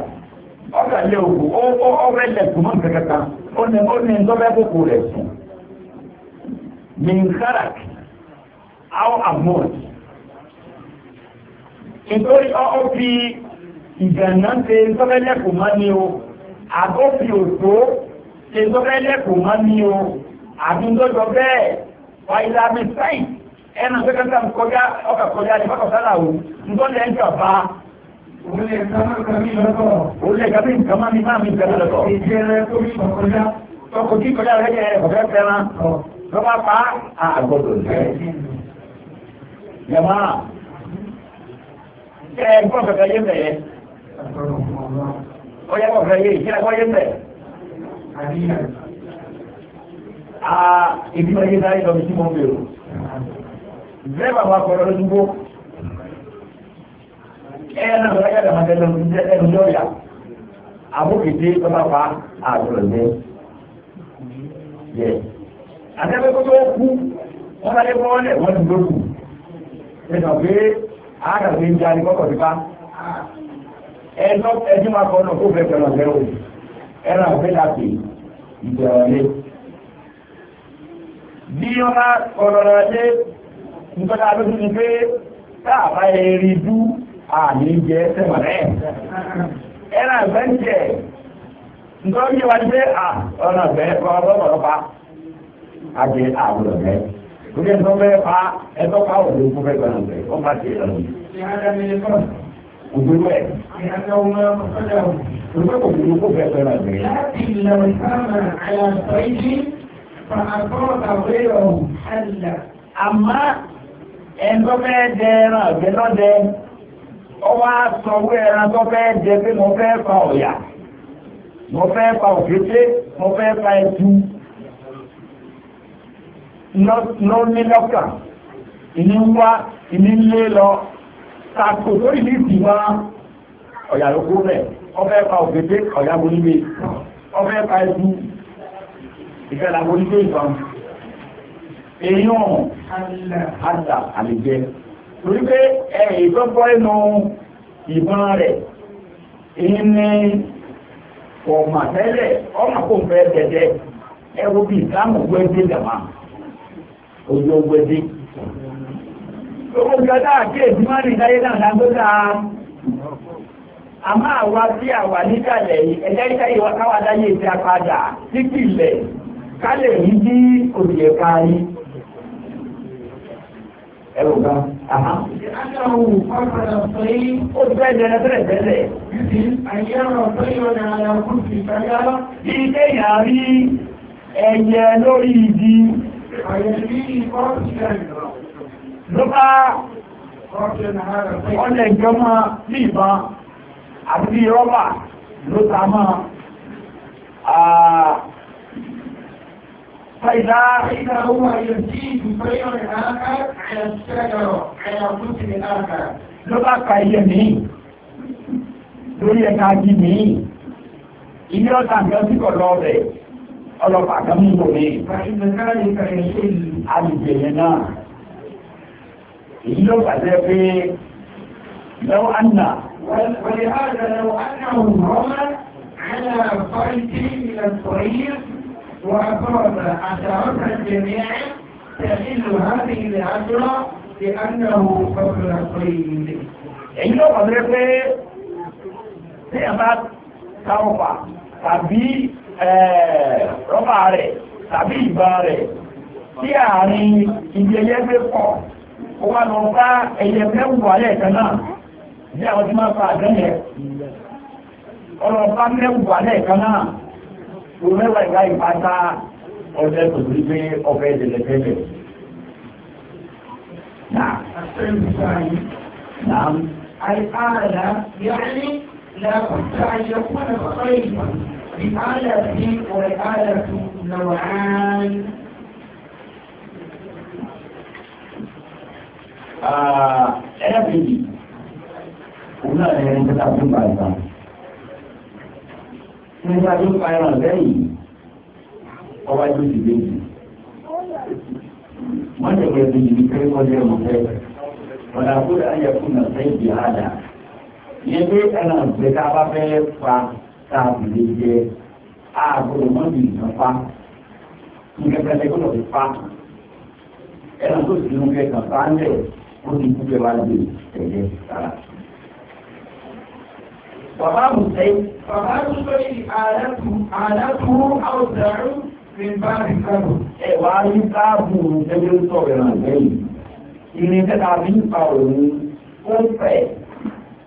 B: ọkà ní òkú, ọ̀rẹ́ lẹ̀kùn mọ́ nǹkan kankan, ó ní ẹ̀ńtọ́ bẹ́ẹ̀ kókó rẹ̀ how and what. nítorí ọ́ fi ìgbàna ṣe sọ́fẹ́lẹ́ kò mọ́ o òtó ṣe sọ́fẹ́lẹ́ kò o bẹ́ẹ̀ kọjá ọkà kọjá ní o nítorí ẹjọ́ bá olè kàmí nǹkan má mi mi bẹ̀rẹ̀ lọ́tọ̀ tó kọjá tọkọ kí kọjá rẹ̀ yẹ ọ̀fẹ́ fẹ́ràn lọ́pàá pa yàmá ẹ gbọ́n kẹ̀kẹ́ yé mẹ́ yẹ ó yẹ kọ́ kẹ̀kẹ́ yé ìṣẹ́ ẹ̀kọ́ yé mẹ́ a ìbí ma yé náà yẹ lọ́bi tí mo ń bèrò bẹ́ẹ̀ bá wà kọ́rọ́ lójú bó ẹ yẹn náà lọ́yà dàmà tẹ́lẹ̀ ẹnu lọ́yà àbókìtì bàbá fa àgbọ̀rọ̀ lẹ́ yẹ àtẹ́fẹ́ kótó kú wọ́n bá lé bọ́ọ̀lẹ̀ wọ́n ti gbókù ẹ̀sọ̀ pé àádọ́gbé ń jáde kọ́kọ̀ ti bá ẹ̀lọ́ ẹjú máa kọ́ ọ̀nà kó fẹ́ pẹ̀lú ọ̀fẹ́ òun ẹ̀rọ àfẹ́ láti ìbẹ̀rẹ̀ bí wọ́n bá kọ̀ọ̀rọ̀ rẹ̀ dé nítorí abẹ́sí ni pé káàbá eré dú àmì jẹ́ sẹ́wọ̀n rẹ̀ ẹ̀rọ àfẹ́ ń jẹ́ nítorí wájú pé ọ̀nà ọ̀fẹ́ kọ́ ọlọ́pàá àti àbúrò rẹ̀. Torí ẹ̀sọ́ fẹ́ pa ẹ̀sọ́ pa òkú fún fẹ́ gbọ́dọ̀ rẹ̀, ó má ti ẹ̀rọ. Òdúró ẹ̀. Òdúró kò dúró kó fẹ́ gbọ́dọ̀ rẹ̀. Láti ìlọ ìsáàmà àyàtọ̀ ìdí, fàkọ́ọ̀tà wẹ́rọ̀ àlà. Àmá ẹ̀sọ́ fẹ́ jẹ ẹran àgbẹ̀ lọ́dẹ. Ó wá sọ wé ẹran tó fẹ́ jẹ pé mo fẹ́ pa ọ̀yà. Mo fẹ́ pa òkété, mo fẹ́ pa ẹtu ló ní lọ́kàn ìní ń wá ìní ń lé lọ tàkò lórí ní ìdìwá ọ̀yà lókó rẹ̀ ọbẹ̀ pa òkété ọ̀yà bolígbé ọbẹ̀ pa ẹbú ìfẹ́lá bolígbé ìfọ̀n èèyàn àdà àlejẹ́ torí pé ẹ̀ ìgbọ́gbọ́ ẹnu ìbọn rẹ̀ èyí ní ọmọ tẹ́lẹ̀ ọmọ kò fẹ́ tẹ̀tẹ̀ ẹwọ́ bí ìsáàmù gbẹ́gbẹ́ dàmáà ojú ogun ẹbí. Gbogbo ìjọba àkíyèsí máa ń rìn láyé náà lágbóta. A máa wá sí àwà níkàlẹ̀ yìí, ẹ̀jẹ̀ ìṣẹ́ ìwà káwá dáyé ìṣe apadà títí ilẹ̀ ká lè rí bí òye parí. Ẹ̀rù kan. Ó fẹ́ dẹrẹ bẹ̀rẹ̀ bẹ̀rẹ̀. Bí ilé yàrá rí ẹyẹ lórí ìdí ló bá ọlẹ̀ nǹkan máa ní ìbọn àti rọ́bà ló ta máa فإذا إذا هو يزيد بين الآخر على الشجر على الرسل الآخر ló bá ka iye míì lórí ẹ̀ka jí míì ilé ọ̀tà nǹkan sí kọ̀ lọ́ọ̀rẹ̀ ألو أعتمد بيه فإن ذلك يسل عن جهنا إلو بذلك لو أن ولهذا لو أنهم رمى
A: على فرد من الطريق وأفرد أسعر الجميع تسل هذه العجرة لأنه فضل
B: الطريق إلو بذلك تأبت توقع تبيه Eh, rọ́bà rẹ̀ tàbí ìbá rẹ̀ tí àárín ibi ẹyẹ gbé pọ̀ ó wá lọ bá ẹyẹ mẹ́wàá lẹ́ẹ̀kan náà ní àwọn tí máa fa àdán yẹn ọlọ́pàá mẹ́wàá lẹ́ẹ̀kan náà ló mẹ́wàá ìwà ìpátá ọjọ́ tó ti gbé ọbẹ̀
A: الآلة والآلة نوعان
B: ẹlẹ́bìí òun náà ẹni tó tàbí pa ìtàn ní tàbí pa ìràn lẹ́yìn ọwá tó ti lé jù wọ́n jẹ́ pé bí ibi pé wọ́n jẹ́ ọmọdé ọ̀nà kó dáa yẹ fún ọ̀sẹ̀ ìdí àdá ìyẹn pé ẹ̀nà ìgbẹ́ta bá fẹ́ pa táàbù lè jẹ ààbòrò mọ́bì nǹkan pa nǹkan pẹ̀lẹ́ gbọ́dọ̀ fi pa ẹran tó sì ń kẹ kàn pa ń lẹ̀ ó ti kú jẹba lè
A: tẹ̀lé sára. Bàbá Mùsẹ̀.
B: Bàbá Mùsẹ̀ àlàtú àlàtú àwùjọ fi bá rí káàbù. Ẹ wá rí káàbù ẹgbẹ́ sọ̀rọ̀ ìrànlẹ́yìn. Ìrìn tẹ́ta fi ń pa òun ó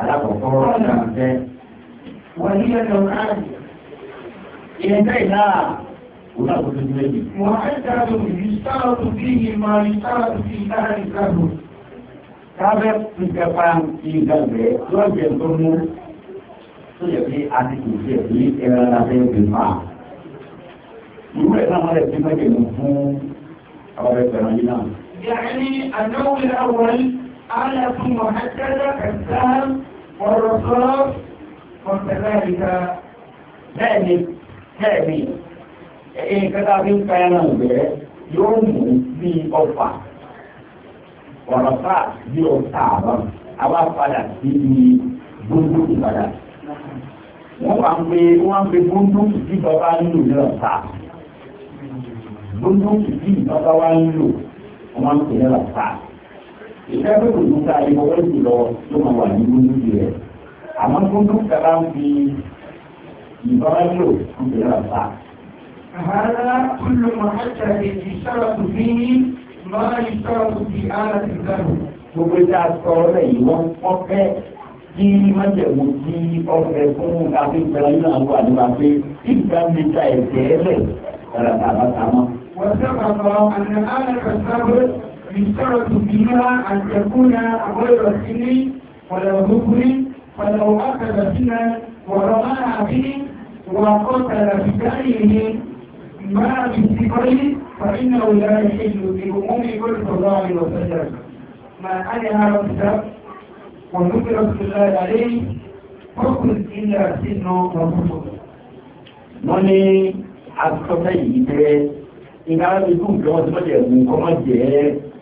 B: alákọ̀ọ́kọ́ ọ̀nà fẹ́ wọ́n ní ẹ̀tọ́ káàdì ìrẹ́tẹ́ ìdára wọ́n
A: tó tó méjì. wọ́n á dáadọ́ ìrìsáàtò bí i máa ìsáàtò bí i láàrin ìsáàtò kábẹ́
B: ìjọba ìgbàgbẹ́ lọ́jẹ̀ tó mú tó yẹ pé a ti kò jẹ́ pé ẹran lábẹ́ ìgbè máa irú ẹ̀ náà wọ́n lè fi mẹ́jẹ̀ mú fún àwọn ẹgbẹ̀rún yìí náà. yàrá ni àdáwò ìlà wọ̀nyí آلة محددة كالسهم والرصاص وكذلك ذلك ذلك إيه كذا في كلام yóò mú bí ọfà ọ̀rọ̀fà bí ọ̀tá àbá àwa padà sí ibi gbogbo ìpadà. Wọ́n wá ń pe wọ́n ń pe gbogbo tí bàbá ń lò ní ọ̀tá. Gbogbo tí bàbá wa ń lò wọ́n ń pè ní ọ̀tá ìfẹ́fẹ́ kò tún ta ìfọwọ́ jùlọ tó máa wà nínú níbi rẹ̀ àmọ́ tó ń dúkà bá ń fi ìbára lò ń fi rà bá. هذا كل محدد يشترط فيه ما يشترط في آلة الكهف. gbogbo ìta sọ lẹ́yìn wọn wọn fẹ́ kí májèmú tí ọ̀fẹ́ fún afẹ́fẹ́ nínú àwọn àdúrà pé ìgbà mẹ́ta ẹ̀jẹ̀ ẹlẹ rárá bàbá wọ́n sọ يشترط فيها أن تكون غير سن ولا ذكر فلو أخذ سنا ورماها
A: به وقتل بكائه ما بالسفر فإنه لا يحل بأمور كل صلى الله عليه وسلم ما أنهى ربك وذكر رسول الله عليه حكم إلا سن
B: وكفر wọ́n ní asọ́fẹ́ yìí jẹ́ ìgbàlódé tó ń jọ ọdún mọ́jẹ̀ẹ́gùn kọ́mọ́jẹ̀ẹ́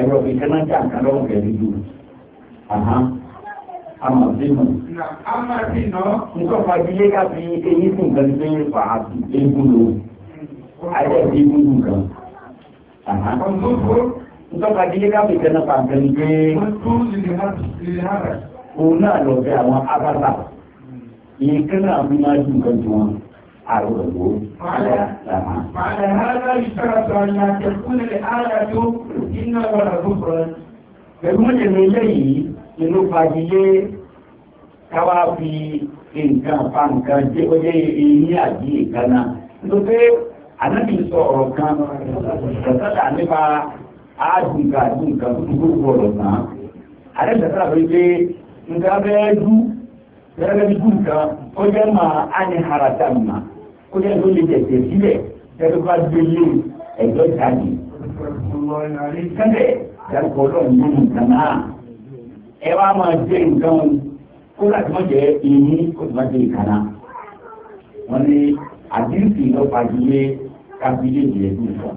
B: ẹ̀rọ bíi kẹ́nà tí àkà lọ́wọ́ rẹ̀ ní dùn. Àmọ̀ sí mọ̀. Àmọ̀ sí nà. Nítorí fagilé ká fi eyín sùn kan tó ń fa eégún lò. Ayé ti eégún dùn kan. Nítorí fagilé ká fi kẹ́nà fa nǹkan gbé. Òun náà lọ bẹ àwọn abata. Ìyẹn kẹ́nà àbí máa dùn kan jù wọn. عرضه على سماء على هذا يشترط أن لا تكون الآية إن ولا كفرا فمن إليه inú fagilé káwá fi nǹkan fa nǹkan jẹ́ ó jẹ́ eyín àbí nǹkan náà nítorí pé ànábì sọ ọ̀rọ̀ kan ṣàtàlà nípa àádùnkà àti nǹkan tó ti gbogbo ọ̀rọ̀ náà àrẹ ṣàtàlà pé pé nǹkan bẹ́ẹ̀ dú bẹ́ẹ̀ bí dú ó jẹ́ máa á ní harata mà ó jẹ́ tó lè tẹ̀tẹ̀ sílẹ̀ ẹ̀rọ bá gbé o ẹ̀jọ́ jáde. Sẹ́lẹ̀ dárúkọ ọlọ́run nínú nǹkan náà. Ẹ wá máa jẹ́ nǹkan kó láti má jẹ́ èyí kó tó má jẹ́ ìkànnà. Wọ́n ní àdínkì lọ́pàá ti lé kábílẹ̀ ìyẹ̀dùn fún.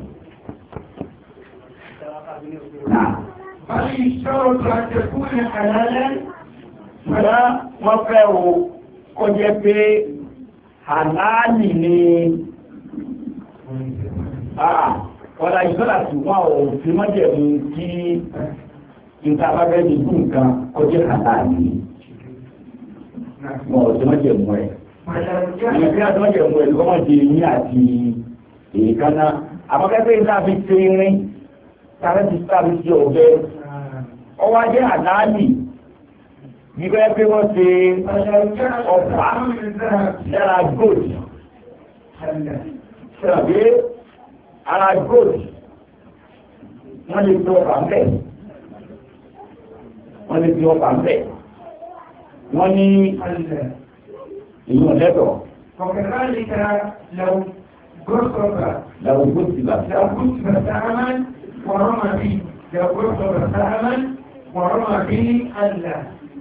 A: Àwọn ìṣòro tó àjẹkù
B: ní àlàálẹ́. Bọ́lá wọ́n fẹ́ o kó pé àláàlì ni ọ̀dà ìsọ́là tí wọ́n ò fi mọ́jẹ̀ mú kí ìtàbábẹ́ ní gùn kan kọjẹ́ àláàlì wọn ò fi mọ́jẹ̀ mú ẹ̀ ìgbé àti mọ́jẹ̀ mú ẹ̀ lọ́wọ́ di eyín àti èékánná àmọ́kẹ́kẹ́ iná fi ṣe irin ti tàbí ti ọ̀bẹ ọwọ́ ajé àláàlì nígbà pé wọ́n ṣe ọ̀pá lára gold ṣàbí ara gold wọ́n lè fi ọ̀pá mbẹ́ wọ́n lè fi ọ̀pá mbẹ́ wọ́n ní ìlú ọ̀lẹ́tọ̀. وكذلك لو قصب لو قصب لو قصب سهما ورمى به لو قصب سهما ورمى به الله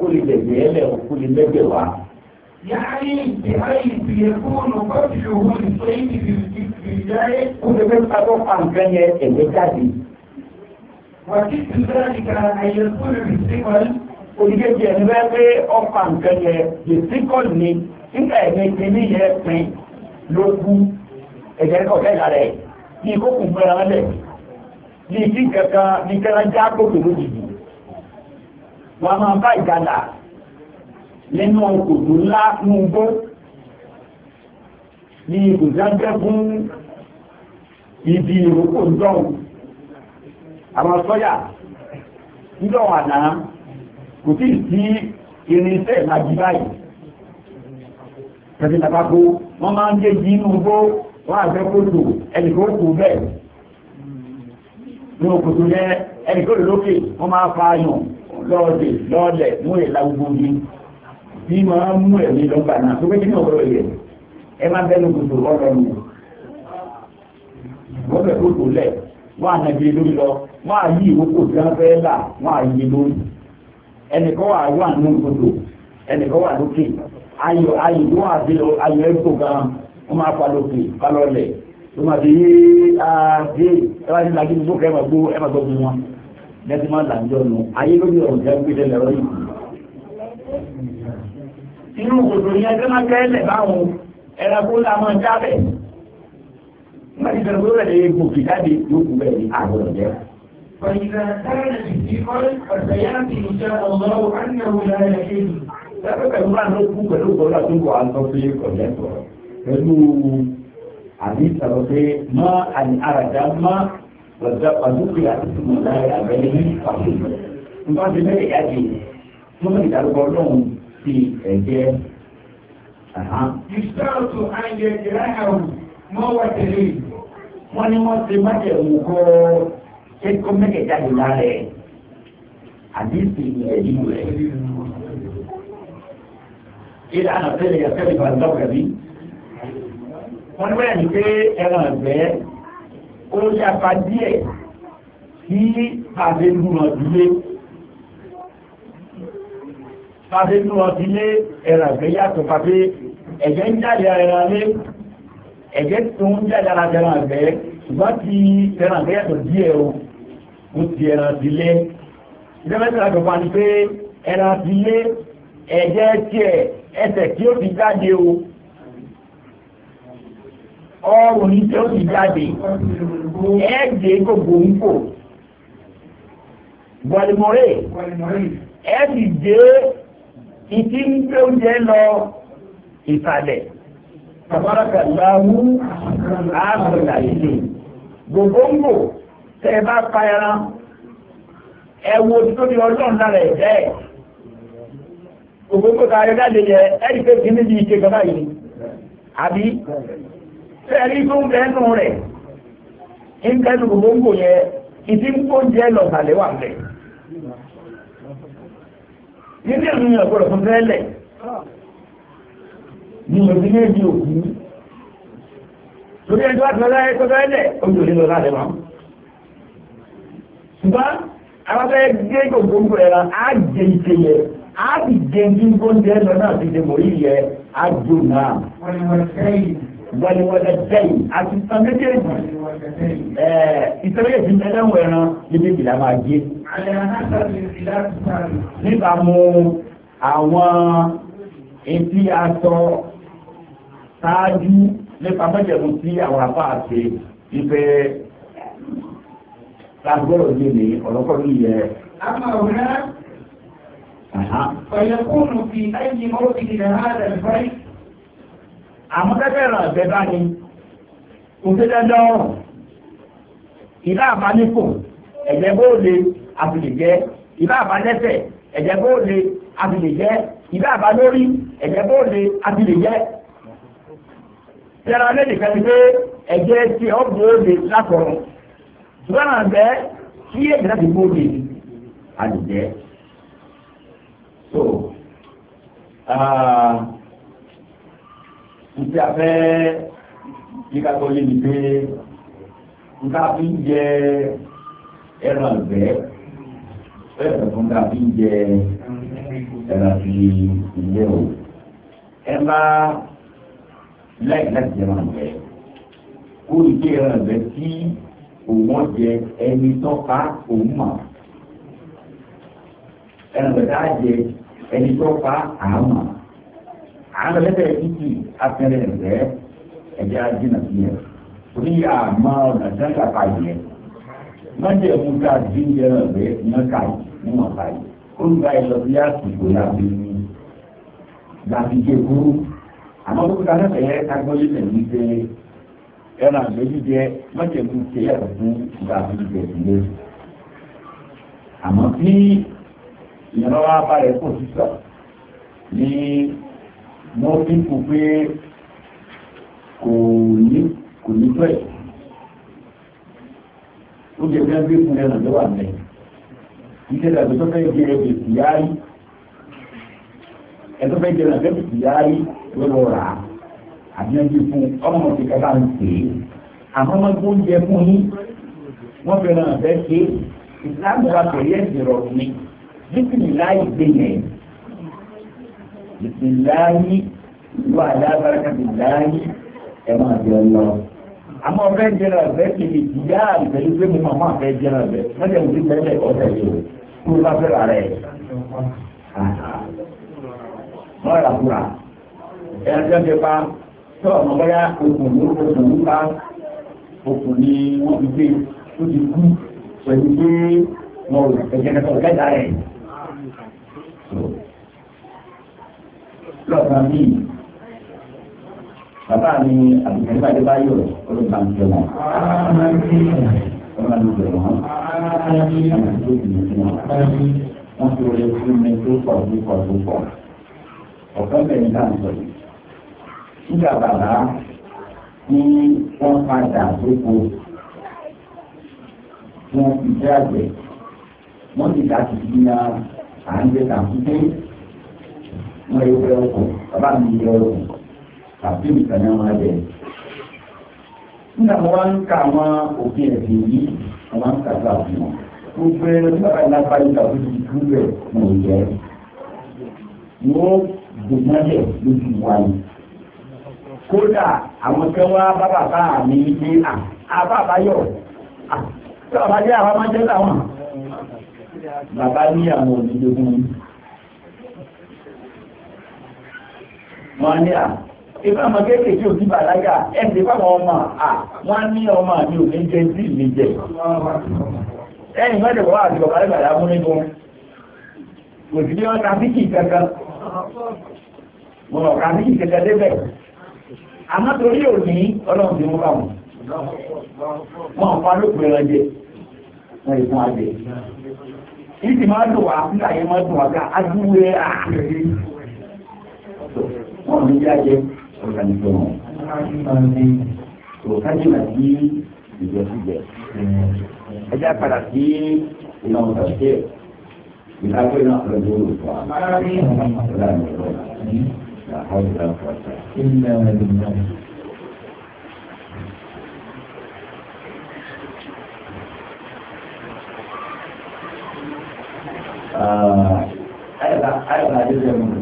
B: kó lè bẹ̀bẹ̀ ẹ lẹ̀ kó lè bẹ̀bẹ̀ wá.
A: yáyé ìdíyàyé ìdíyẹ fóònù bọ́ọ̀lù ìṣòwò ìṣòwò ìdíyàyé. kó lè fẹ́
B: pàtó pàǹkẹ́ yẹn ẹ̀mí jáde. wàtí tìlẹ́ẹ̀lì kan àyè fóònù ìṣèwọ̀n. olùkejì ẹni bẹ́ẹ̀ pé ọ̀pá nǹkan yẹn ìṣíkọ̀ ni nígbà ẹ̀mí kìíní yẹn pin ló kú ẹ̀jẹ̀ kọ̀ fẹ́ lára ẹ̀ ní ìkókùn mẹ́ra lẹ̀ ní ìdí kankan ní kẹ́ra já gbòdò lójijì wọ́n máa bá ìjàdà nínú kòtò ńlá ní ugbó ní ìgbòjájẹ́ fún ibi ìrókò ìjọun àwọn sọ́yà nílọ̀ àná kò tí sí irinṣẹ́ ìlàjì báyìí tẹ̀sí tàbákó wọ́n máa ń gé jí inú ugbó wọ́n àfẹ́ kòtò ẹnìkó kò bẹ́ẹ̀ ní òkòtò yẹ ẹnìkó lókè wọ́n máa fa ayùn lọ́ọ̀dẹ̀ lọ́ọ̀lẹ̀ mú ìlà gbogbo bí bí máa mú ẹ̀mí lọ́gbà náà tó péjì náà gbọ́dọ̀ yẹ ẹ má bẹ́ẹ̀ lókùtù ọ̀rọ̀ nù wọ́n bẹ̀ tó tó lẹ̀ wọ́n ànàbí lórí lọ wọ́n á yí ìwókò tí wọ́n fẹ́ là wọ́n á yí lórí ẹnìkan wà wà nínú gbogbo ẹnìkan wà lókè ayò ayò tó wà sí ayò ẹ̀kọ́ gan wọ́n máa fa lókè kálọ̀lẹ̀ tó máa fi yé àdé ẹ lẹ́tí máa làjọ́ nù ayé lórí ọ̀rọ̀ jẹ́ gbélé lẹ́rọ yìí. inú kòtò yẹn tó máa kẹ́lẹ̀ báwọn ẹranko ńlá máa jábẹ̀ nígbà tí ìṣẹ̀lẹ̀ tó rẹ̀ lè gòkè jáde yóò kú bẹ́ẹ̀ ní àwọn ọ̀jẹ́. فإذا كان بالدخل فسيأتي إن شاء الله أنه لا يحل. لا بد من أن نكون قد نقول لكم عن pẹ̀lú àbí sọ̀rọ̀ pé mọ́ وزق دقي اسم الله عليه العظيم nípa ti bẹ́ẹ̀ yáde fún ìdárúkọ lóhùn sí ẹ̀jẹ̀. ìṣòro àyè ìrà ẹ̀rù mọ́ wà tẹ̀lé. wọ́n ní wọ́n ti má jẹ̀ wù kọ́ ẹ̀kọ́ mẹ́kẹ̀jáde lára ẹ̀ àdéhùn ìrẹ̀lú rẹ̀. ìlànà tẹ̀lé ẹ̀fẹ́ ìbàdàn lọ́kẹ̀bí. wọ́n ní bẹ́ẹ̀ ni pé ẹran ẹ̀gbẹ́ ó yàpa díẹ̀ sí àdégbùmọ̀dílé àdégbùmọ̀dílé ẹ̀rà ẹ̀gbẹ́ yàtọ̀ pàdé ẹ̀jẹ̀ ń jáde ara lé ẹ̀jẹ̀ tó ń jáde ara jẹran ẹ̀gbẹ́ ṣùgbọ́n ti ẹ̀rà ẹ̀gbẹ́ yàtọ̀ díẹ̀ o ó ti ẹ̀rà ìdílé ìdẹ́mẹ́sẹ̀ àjọpá ni pé ẹ̀rà ìdílé ẹ̀jẹ̀ tiẹ̀ ẹsẹ̀ tí ó ti jáde o ọrùn ní tí ó ti jáde ẹ̀ẹ́dẹ̀ gbogbo ń kò gbọ̀lìmọ̀rẹ́ ẹ̀ sì dé ìtí ń pé oúnjẹ lọ ìsàlẹ̀ tàbárakàláwú ààbòlà ilé gbogbo ń kò tẹ́ bá pa ẹran ẹwọ tó ní ọlọ́run lára ẹ̀jẹ̀ gbogbo ń kò tààrẹ jáde yẹ ẹ̀rí pé kí níbi ìṣe gbọ́dá yìí àbí fẹ́ẹ̀rí tó ń bẹ́ẹ̀nù rẹ̀ ń bẹ́ẹ̀nù gbogbo yẹ ìdí ń kó jẹ́ lọ́sàlẹ̀ wà bẹ̀. nílé ìlú yẹn gbọ́dọ̀ fún tẹ́lẹ̀ ní òbí ní èdè òkú lórí ẹjọ́ àti ọlọ́yẹ tó tẹ́lẹ̀ ojú òní lọ láti máa. ṣùgbọ́n àwọn fẹ́ gé gbogbo rẹ̀ la á jẹ ìṣe yẹ á sì jẹ ní gbóúnjẹ lọ náà ti dè mọ̀ yìí yẹ á jò náà. wọ́n ni wọ́n ṣẹ́yìn wàlúwàlẹ̀ dẹ́yìn àti ìtàn méjèèjì ìtàn méjèèjì ẹlẹ́wọ̀n ẹran níbi ìlà máa gé. níbàámu àwọn etí aṣọ ṣáájú nípa mẹ́jẹ̀mú sí àwọn apá àti ibẹ̀ lágbọ́rọ̀ lè ní ọ̀rọ̀kọ́rọ̀ yẹ. Ọ̀yẹ̀kùnrin fi ẹ̀yìn mọ́rọ̀ ìdìnnà ààrẹ ìfẹ́ àwọn tẹ́tẹ́ ràn ẹ̀bẹ̀ bá ní kò sí dandan ọ̀rùn ìlà àbáníkò ẹ̀jẹ̀ bó le àbìlẹ̀jẹ́ ìlà àbálẹ́sẹ̀ ẹ̀jẹ̀ bó le àbìlẹ̀jẹ́ ìlà àbálórí ẹ̀jẹ̀ bó le àbìlẹ̀jẹ́ tẹ́ra lẹ́nìkan ti pé ẹ̀jẹ̀ ti ọ̀bùn ó le látọ̀run ṣùgbọ́n àgbẹ̀ tí ẹ̀jẹ̀ láti bó le àbìlẹ̀jẹ́ so. Uh, ìpí afẹ́ ìkàtọ̀ lè ní pé nǹkan fi ń jẹ ẹran àgbẹ̀ ẹ̀rọ fún nǹkan fi ń jẹ ẹran
A: fi ilé o
B: ẹ bá láì láti jẹ ẹran àgbẹ̀ kó ìgbé ẹran àgbẹ̀ tí òun ọ̀jẹ̀ ẹni tọ́ka òun mọ̀ ẹran àgbẹ̀ tá a jẹ ẹni tọ́ka àmọ̀ àwọn ẹlẹ́tẹ̀ títì afẹ́rẹ́ rẹ̀ ẹ̀jẹ̀ ajínà sí ẹ̀ torí àmọ́ ọ̀nà tí wọ́n kàkà yẹn wọ́n jẹ́ ẹ̀mú ká jíjẹ rẹ̀ wọ́n kà yìí níwọ̀n ká yìí olùgbà ìlọ sí àsìkò láti ní láti jẹ kúrú àmọ́ tó kúta lẹ́sẹ̀ yẹn kágbọ́lé lẹ̀ ní pé ẹran àgbẹ̀ jíjẹ wọ́n jẹ́ ẹ̀mú ṣe yàtọ̀ fún ìgbà jíjẹ sílé àmọ́ tí ìrànwọ́ abá rẹ̀ kò sísọ ní wọ́n bí kò pé kò ní pẹ́ ó jẹ́ bí wọ́n gbé fún ẹran tó wà mẹ́ iṣẹ́ tàbí tó fẹ́ jẹ ẹgbẹ̀ sí yáyí ẹ̀tọ́ fẹ́ jẹ ẹgbẹ̀ sí yáyí ló lọ rà á àbí wọ́n gbé fún ọmọ ti kẹta ń pè é àmọ́ wọ́n gbó oúnjẹ fún yín wọ́n fẹ́ràn ẹ̀fẹ́ ṣe ìsìlámù wa ẹ̀sìn rọ̀ ní bísí ni láì yẹn ìsìláyé wà lábára ìsìláyé ẹ máa jẹ lọ. àmọ́ ọ̀fẹ́ jẹ́ra ọ̀fẹ́ kì í ìyá ìpẹ̀lú pé mo máa máa fẹ́ jẹ́ra ọ̀fẹ́ wọ́n jẹ́ òfin bẹ́ẹ̀ ọ̀fẹ́ yìí o kí ló bá fẹ́ rà rẹ̀. wọ́n rà kúrà ẹ̀rọ jẹ́ ti ni wọ́n fi gbé ó lọ́ọ̀ta bíi bàbá mi àbùkẹ́lẹ́ bàjẹ́ bá yọ̀ olùkọ́ àti ọ̀la. ọlọ́run ló bẹ̀rẹ̀ wọn. wọ́n ti wọlé fún mi tó pọ̀ tó pọ̀ tó pọ̀. ọ̀kan bẹ̀rẹ̀ náà sọ yìí. nígbà bàbá ní wọ́n padà lóko wọ́n ti dé àgbẹ̀ wọ́n ti dá tìtì náà à ń gbé tàkùté wọ́n yóò fẹ́ ọkọ̀ bàbá mi yọ ọkọ̀ tàbí nìkan náà wọ́n bẹ̀. nígbà wọn wá ń ka àwọn òfin ẹ̀sìn yìí wọn wá ń ka sí àfihàn gbogbo ẹni tí bàbá ìlà parí tàbí ti kú bẹ̀ mọ̀ ìyẹ́ wọ́n gbòmọ́lẹ̀ lójú wáyé. kódà àwọn kan wá bàbá bá mi ní àbábáyọ̀ tí bàbá jẹ́ àwọn máa jẹ́ láwọn. bàbá ní àwọn òdìdó wọ́n ní a, ìfẹ́ ọmọ kéékèèké òbí bàlágà ẹ̀sìn fáwọn ọmọ à wọ́n ní ọmọ ní sí ìlú jẹ ẹ̀yìn mẹ́rin wọ́n àti kò sí kankan kankan débẹ̀ àmọ́ torí òní ọlọ́run ti mú bá wọn wọn ò fa lópin ẹran jẹ fún máa dùn wọn ní jáde ọ̀gá ní fún wọn. kò kájú náà sí ìjọsíbẹ̀. ẹjá padà sí iná ọ̀gá ṣe ìdájọ́ iná ọ̀gá ló ń
A: fa ọ̀gá mi lọ́wọ́. làwọn ìlà ń fọ́ta.
B: Ayọ̀dá ayọ̀dá adé jẹ́ mi.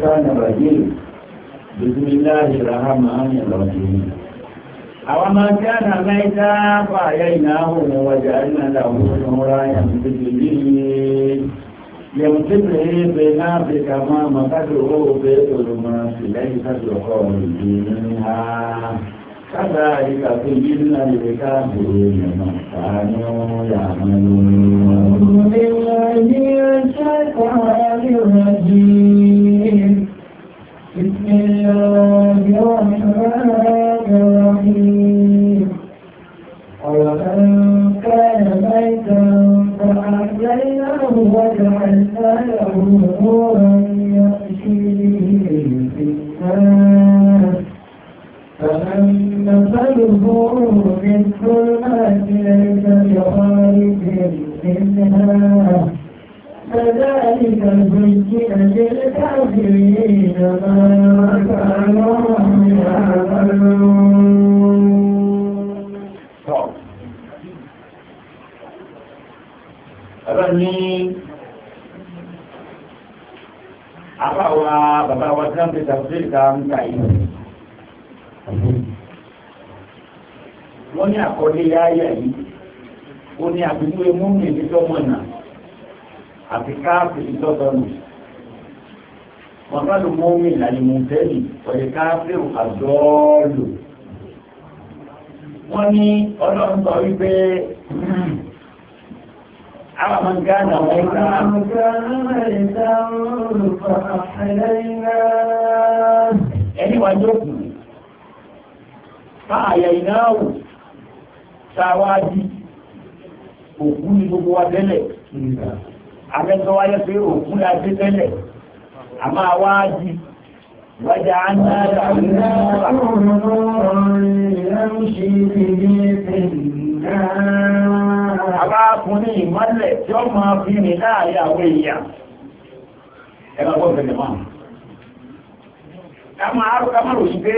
B: الشيطان الرجيم بسم الله الرحمن الرحيم أوما كان ميتا فأحييناه وجعلنا له نورا يمسك به يمسك به في النار كما مثله في الظلمات ليس بقوله منها كذلك زين
A: للكافرين ما كانوا يعملون
B: mọ́mí àlìmọ̀tẹ́lì ọ̀dẹ̀ káfíù àdọ́ọ̀lù wọ́n ní ọlọ́run sọ wípé àwọn nǹkan àwọn ìta ẹni wà jókù fáàyà ìnáwó sáwájú òkú ní gbogbo wa tẹ́lẹ̀ àmẹ́sọ́wáyé pé òkú la dé tẹ́lẹ̀ a máa wá jí wájá náà Arákùnrin ìmọ́lẹ̀ tí ó máa fi rìn láàrin àwọn èèyàn. Ẹgbẹ́ ọgbọ́n bẹ̀rẹ̀ máa. Ká máa rú ká máa rò sí pé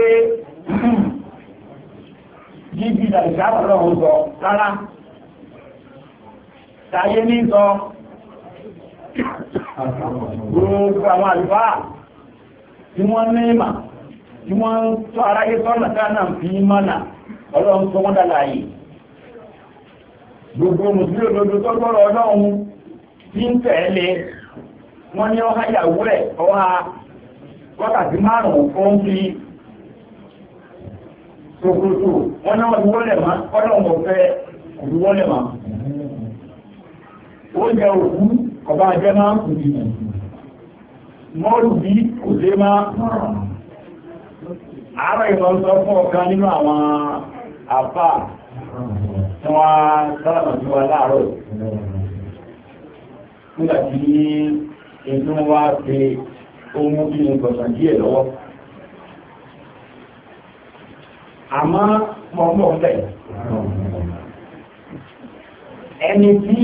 B: jíbi ìdàlùsá ọlọ́run sọ rárá. Tàyé ní sọ,
A: gbogbo
B: àwọn àlùfáà tí wọ́n ní ìmà tí wọ́n ń tọ́ aráyé sọ́nà káàná fi mọ́nà ọlọ́run tó wọ́n dàlà yìí gbogbo mùsùlùmí òdodo tó gbọ́rọ̀ ọlọ́run tí ń tẹ̀lé wọ́n ní ọha ìyàwó rẹ̀ ọha ọba àjẹ́má kò ní mọ́ọ̀lù bí kò lé máa ààrẹ ìwọ̀n sọ fún ọ̀kan nínú àwọn àpá tí wọ́n sára sí wa láàárọ̀ nígbàtí ètò wa pe ohun bí i gbọ̀sàn díẹ̀ lọ́wọ́ àmọ́ mọ̀mọ́ bẹ̀ ẹni tí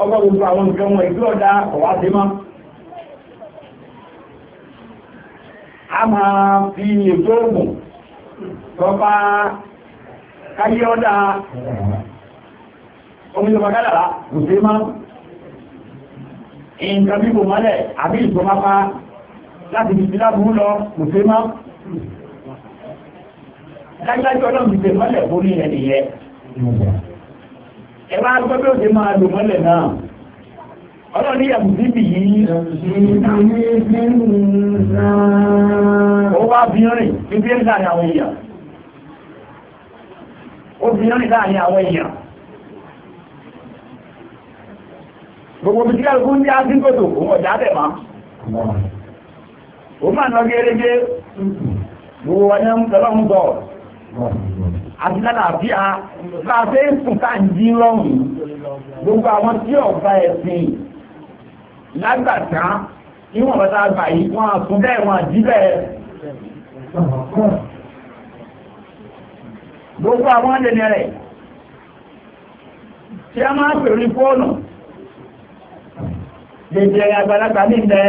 B: ọgbọ́n gbogbo àwọn nǹkan wọn ìlú ọ̀dá ọ̀wá sí mọ́ a máa fi ètò ògùn tọ́pá káyé ọ̀dá omíjọba kádàrá kò sí mọ́ nǹkan bíbò mọ́lẹ̀ àbí ìtọ́mápá láti fi lábúrú lọ kò sí mọ́ dájúdájú ọlọ́run ti tẹ̀ mọ́lẹ̀ fún ní ẹ̀nìyẹ ẹ wá gbọ́ bí máa lò mọ́lẹ̀ náà ọlọ́run síbì yìí ó wá bí rìn níbi ẹ̀ láàrin àwọn èèyàn ó bí rìn láàrin àwọn èèyàn gbogbo bí kíkà lókún ní ásíkòtò òun ọ̀dá ó máa nọ gẹ́gẹ́ gbogbo wa ní àti lálàáfíà láàfẹ́ ìfúnká ń dín lọ́rùn gbogbo àwọn tí ọ̀gá ẹ̀sìn lágbàtà níwọ̀n bàtà àgbà yìí wọ́n àtún bẹ́ẹ̀ wọ́n àjí bẹ́ẹ̀. gbogbo àwọn ẹni rẹ̀ tí a máa pè ní fóònù lè jẹ́ àgbàlagbà ní ìdẹ́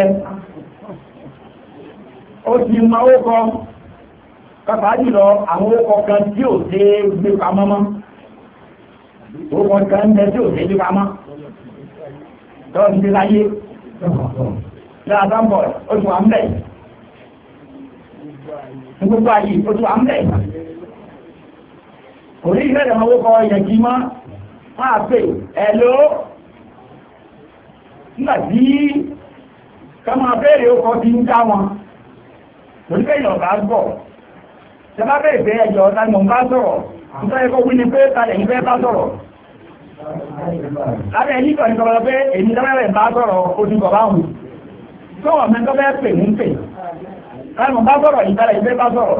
B: ó ti mọ ó kọ́ pàpàá jùlọ àwọn orúkọ kan tí ò dé gbé pamọ́ mọ́ orúkọ kan ń bẹ tí ò dé gbé pamọ́ tọ́wọ́ ti dé láyé láàbá ń bọ̀ oṣù à ń bẹ̀ gbogbo àyè oṣù à ń bẹ̀ orí ìrẹ́lẹ̀ àwọn orúkọ ìyẹ̀kí mọ́ máa pè ẹ̀ lóó nígbàtí ká máa bẹ́ẹ̀rẹ̀ ọkọ̀ ti ń dá wọn torípé ìlọ̀bá gbọ́ Ṣẹba bẹ́ẹ̀ fẹ́ ẹjọ́ ọ̀tá ni mò ń bá sọ̀rọ̀. Nítorí ẹ̀kọ́ wí ni pé kalẹ̀ ń fẹ́ bá sọ̀rọ̀. Lábẹ́ ẹni kan ní kọ́ lọ pé èmi dábẹ́rẹ́ bá sọ̀rọ̀ ojú kọ̀ bá wù. Sọ̀rọ̀ mi tó bẹ́ẹ̀ pè ń pè. Kalẹ̀ mò ń bá sọ̀rọ̀ ìtàlẹ̀ ìfẹ́ bá sọ̀rọ̀.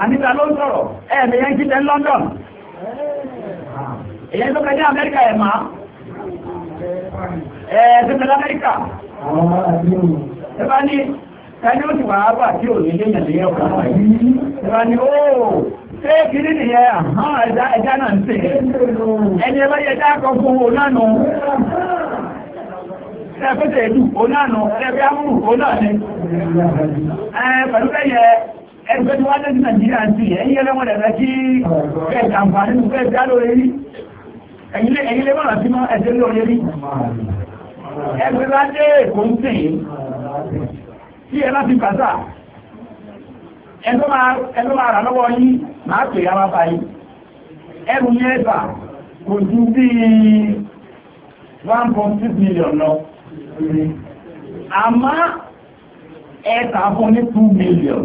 B: àníta ló ń sọ̀rọ̀ ẹ̀ẹ̀mẹ̀ yẹn jílẹ̀ London èyẹ́ ah. tó kẹjẹ́ Amẹ́ríkà ẹ̀ máa ẹ̀ẹ́dẹ́gbẹ̀lẹ́ Amẹ́ríkà ẹ̀bá ní ẹni ó ti wà ápà tí ò ní léyìn lè ọkà ẹ̀bá ní ó ṣé kìí nìyẹn àhán ẹja náà ń tẹ̀ ẹni ẹbá yẹ ẹja kọ fún òun náà nù ẹ̀ẹ́fẹ́sẹ̀ ìlú òun náà nù ẹ̀ẹ́fẹ́ ẹgbẹ́ tí wọ́n dé sí nàìjíríà sí ẹ̀yìn ẹlẹ́wọ̀n dẹ̀fẹ́ kí ẹ̀ka àǹfààní nù fẹ́ẹ̀ dá lórí rí ẹ̀yìn lè mọ̀ràn sí mọ́ ẹ̀jẹ̀ lórí rí ẹgbẹ́ bá dé èkó ń sìn tí ẹ láti pàṣà ẹgbẹ́ máa rà lọ́wọ́ yín máa pè á máa bá yín ẹrù ní ẹ̀fà kò ju bí one point six million lọ àmọ́ ẹ̀ta fún ní two million.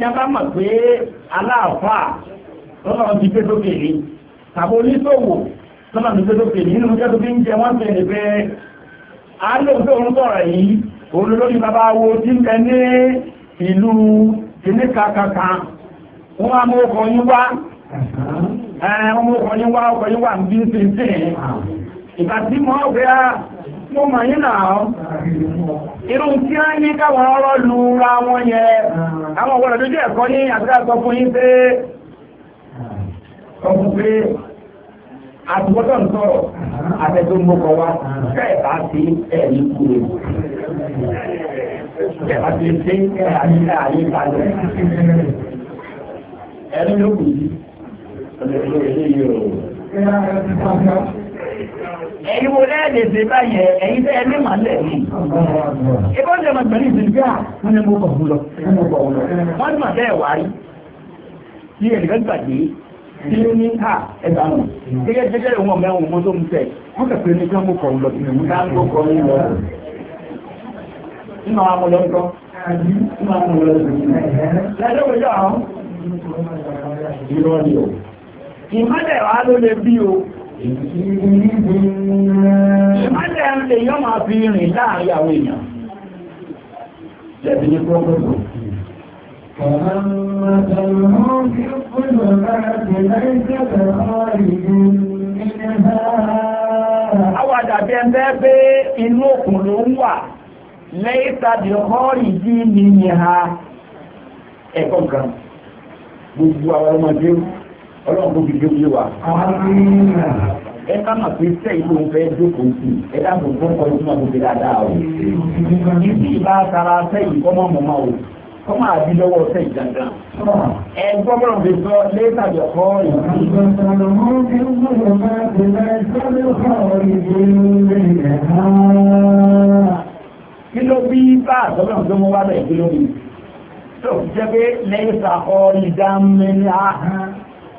B: yàtọ̀ mọ̀ pé aláàfà lọ́nà ti gbé sókè ní tàbí oníṣòwò lọ́nà ti gbé sókè ní nínú jẹ́ tó fi ń jẹ wọ́n tẹ̀lé pé a lè fẹ́ òun sọ̀rọ̀ yìí òun bàbá wo tí ń bẹ ní ìlú wọ́n á mú ọkọ̀ yín wá ọmọ ọkọ̀ yín wá ọkọ̀ yín wà bí ń ah. ìgbà tí tó mọ̀ yí náà irú tí a ní káwọn ọ̀rọ̀ lu ra wọn yẹ àwọn ọ̀gbọ̀nà tó jẹ́ ẹ̀kọ́ ní àtúrà sọ fún yín pé ọkùn pé àtúgbọ́tọ̀ ń sọ̀rọ̀ àtẹ́tọ́ mọ́kọ̀ wá kẹ́ẹ̀bá sí ẹ̀rí kúrò kẹ́ẹ̀bá sí ṣe ẹ̀rí ààyè balẹ̀ ẹ̀rí ló kù ẹ̀yin wo lẹ́ẹ̀lẹ̀ ṣe báyẹ̀ ẹ̀yin tẹ́ ẹ̀mí màá lẹ̀ mí. ìbọn ìjọba máa gbẹ̀rẹ̀ ìṣèlú bí wọ́n ní mo bọ̀ wọ́n lọ wọ́n ti máa bẹ́ẹ̀ wá rí tí ẹ̀nìkan gbàgbé tí ó ní ká ẹ̀dá nù gẹ́gẹ́ jẹ́jẹ́ ìwọ̀n mẹ́wọ̀n mo tó ń tẹ̀ wọ́n kẹ̀kẹ́ ní ká mo kọ̀ lọ ká mo kọ̀ lọ. nínú àwọn Ìmọ́lẹ̀ èèyàn máa fi rìn láàrin àwọn èèyàn.
A: kí ó kúrò láti
B: láì jẹ́bẹ̀ ọ́rìnrìn nínú Àwàdà bí ẹgbẹ́ pé inú òkun ló ń wà lẹ́yìn tàbí ní ìhà ẹ̀kọ́ Gbogbo ọlọ́run kò fi dé wí wa. ẹ ká mà pé sẹ́ ìlú òun fẹ́ jókòó sí i ẹ dáàbò fún ọkọ ìtumọ̀ tó fi dáadáa o. ibi ìbá sara sẹ́yìn kọ́ mọ́ mọ́ máa o kọ́ máa bí lọ́wọ́ sẹ́yìn dandan. ẹ gbọ́ bọ́lọ̀ fi sọ lẹ́tà jọ kọ́ kí ló bí bá àtọ́lọ́run tó mú wá bẹ̀ kí ló bí. tó jẹ́ pé lẹ́yìn sàkọ́ ìdá mẹ́rin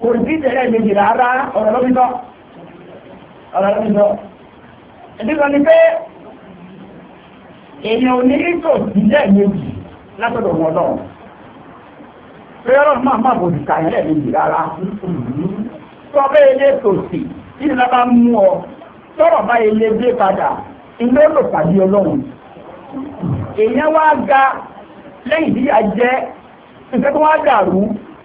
B: kò sí rárá ọ̀rọ̀ lọ́bítọ́ ọ̀rọ̀ lọ́bítọ́ ìdíkọ ni pé ò ní látọ̀dọ̀ wọn lọ pé máa máa bòdì rárá tó ilé tí ìlà bá mú ọ tọ́rọ̀ bá ilé gbé padà ilé lò pàdé ọlọ́run wá ga lẹ́yìn tí a jẹ́ ìfẹ́ tó wá dàrú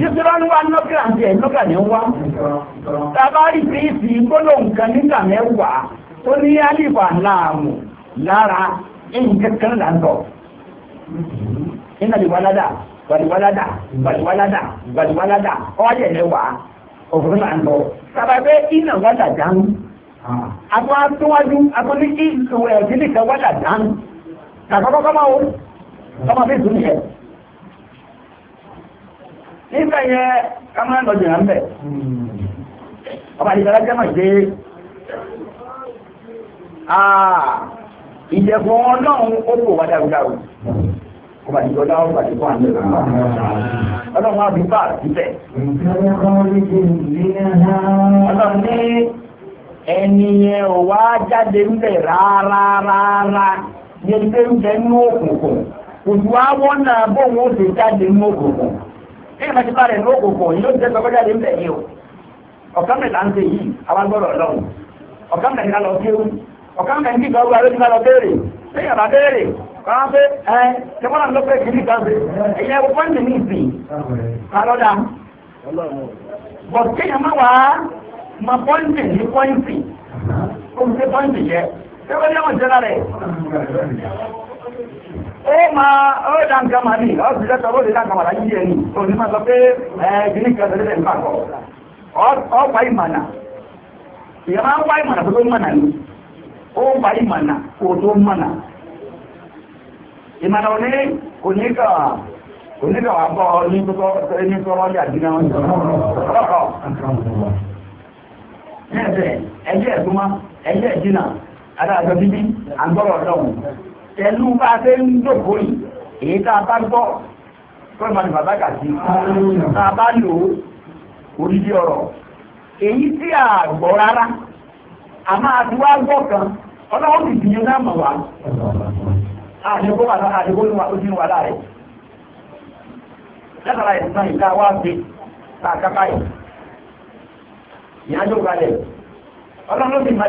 B: yíṣẹ́lá ń wá nọ́kà àti ẹ̀nọ́kà ní wá tàbárì fèsì gbólóǹkà nígbà mẹ́wàá tó ní àlìfà láàmù lára nǹkan kan làǹtọ̀ nínú àlìwáládà gbàlìwáládà gbàlìwáládà gbàlìwáládà mẹ́wàá òfin làǹtọ̀ tàbàbẹ́ iná wádà dáhùn àbọ̀ àtúwájú àbọ̀ ní ìṣòwò ẹ̀jẹ̀ nìkan wádà dáhùn tàbàkọ́kọ́ máa wọ́n nígbà yẹ ká máa ń lọ jìnnà mbẹ ọba ìgbàlá jẹ́ máa gbé ọlọ́run ó bò wá dárúdárú ọba ìgbàlá ọba ìgbàlá ọlọ́run á bí bá síbẹ̀. ọlọ́run ní ẹni ò wá jáde ń ní òkùnkùn náà ó ti èyí máa ti bá rẹ̀ ní òkòkò yìí ló ti tẹ́ sọ́kọ́jáde ń bẹ̀ yìí o ọ̀kan mẹ́ta ń ṣe yìí àwọn gbọ́dọ̀ lọ́wọ́ ọ̀kan mẹ́ta ká lọ kéwù ọ̀kan mẹ́ta ń kí gbọ́dọ̀ ló ti ká lọ béèrè lẹ́yìn àbá béèrè kọ́nà pé ẹ tẹ́wọ́n náà ló pé kìíní kan ṣe èyí ẹ̀ wọ́n ní ìsìn ká lọ́dà bọ̀ kéèyàn má wàá ma pọ́ǹtì ní pọ́ǹtì ó ń ṣe pọ́ǹtì yẹ tẹ́wọ́n wọ́n
A: ó
B: máa ọ́dá nǹkan máa ní ọ́sùlẹ̀ sọ́rọ́ òdìdá kan wàlá yìí ẹni òní máa sọ pé ẹgbìnrin kan tẹ̀lé ń pàkọ́ ọ̀pá ìmọ̀nà ìyẹn máa ń wá ìmọ̀nà tó tó mọ̀nà ni ó ń pa kò tó òní kò ní kà kò ní kà wà bọ́ ní tó adájọ́ bíbí ọ̀dọ́ pẹ̀lú bá ṣe ń dòkó yìí èyí tá a bá gbọ́ fún bàbá kàtí tá bá lò ó orílẹ̀ ọ̀rọ̀ èyí tí a gbọ́ rárá a máa wá kan ọlọ́wọ́ ti dìyẹn náà mọ̀ wá ìyájọ́ kalẹ̀ ọlọ́run ti máa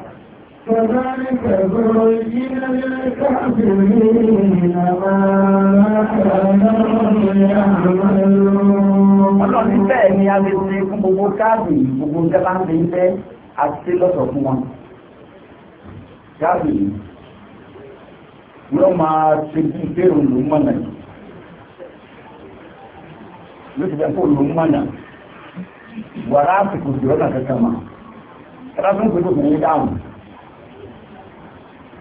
A: كذلك زين للكافرين ما كانوا يعملون
B: ọlọ́run bẹ́ẹ̀ ni a lè ṣe fún gbogbo káàbì gbogbo ìjọba ń bẹ fẹ́ àti lọ́sọ̀ fún wọn káàbì yóò máa ṣe bí ìbéèrè olùmọ̀nà yóò ti fẹ́ kó olùmọ̀nà wàrà àsìkò ìjọba kankan mọ́ ẹ̀rọ tó ń pè tó kò ní dáhùn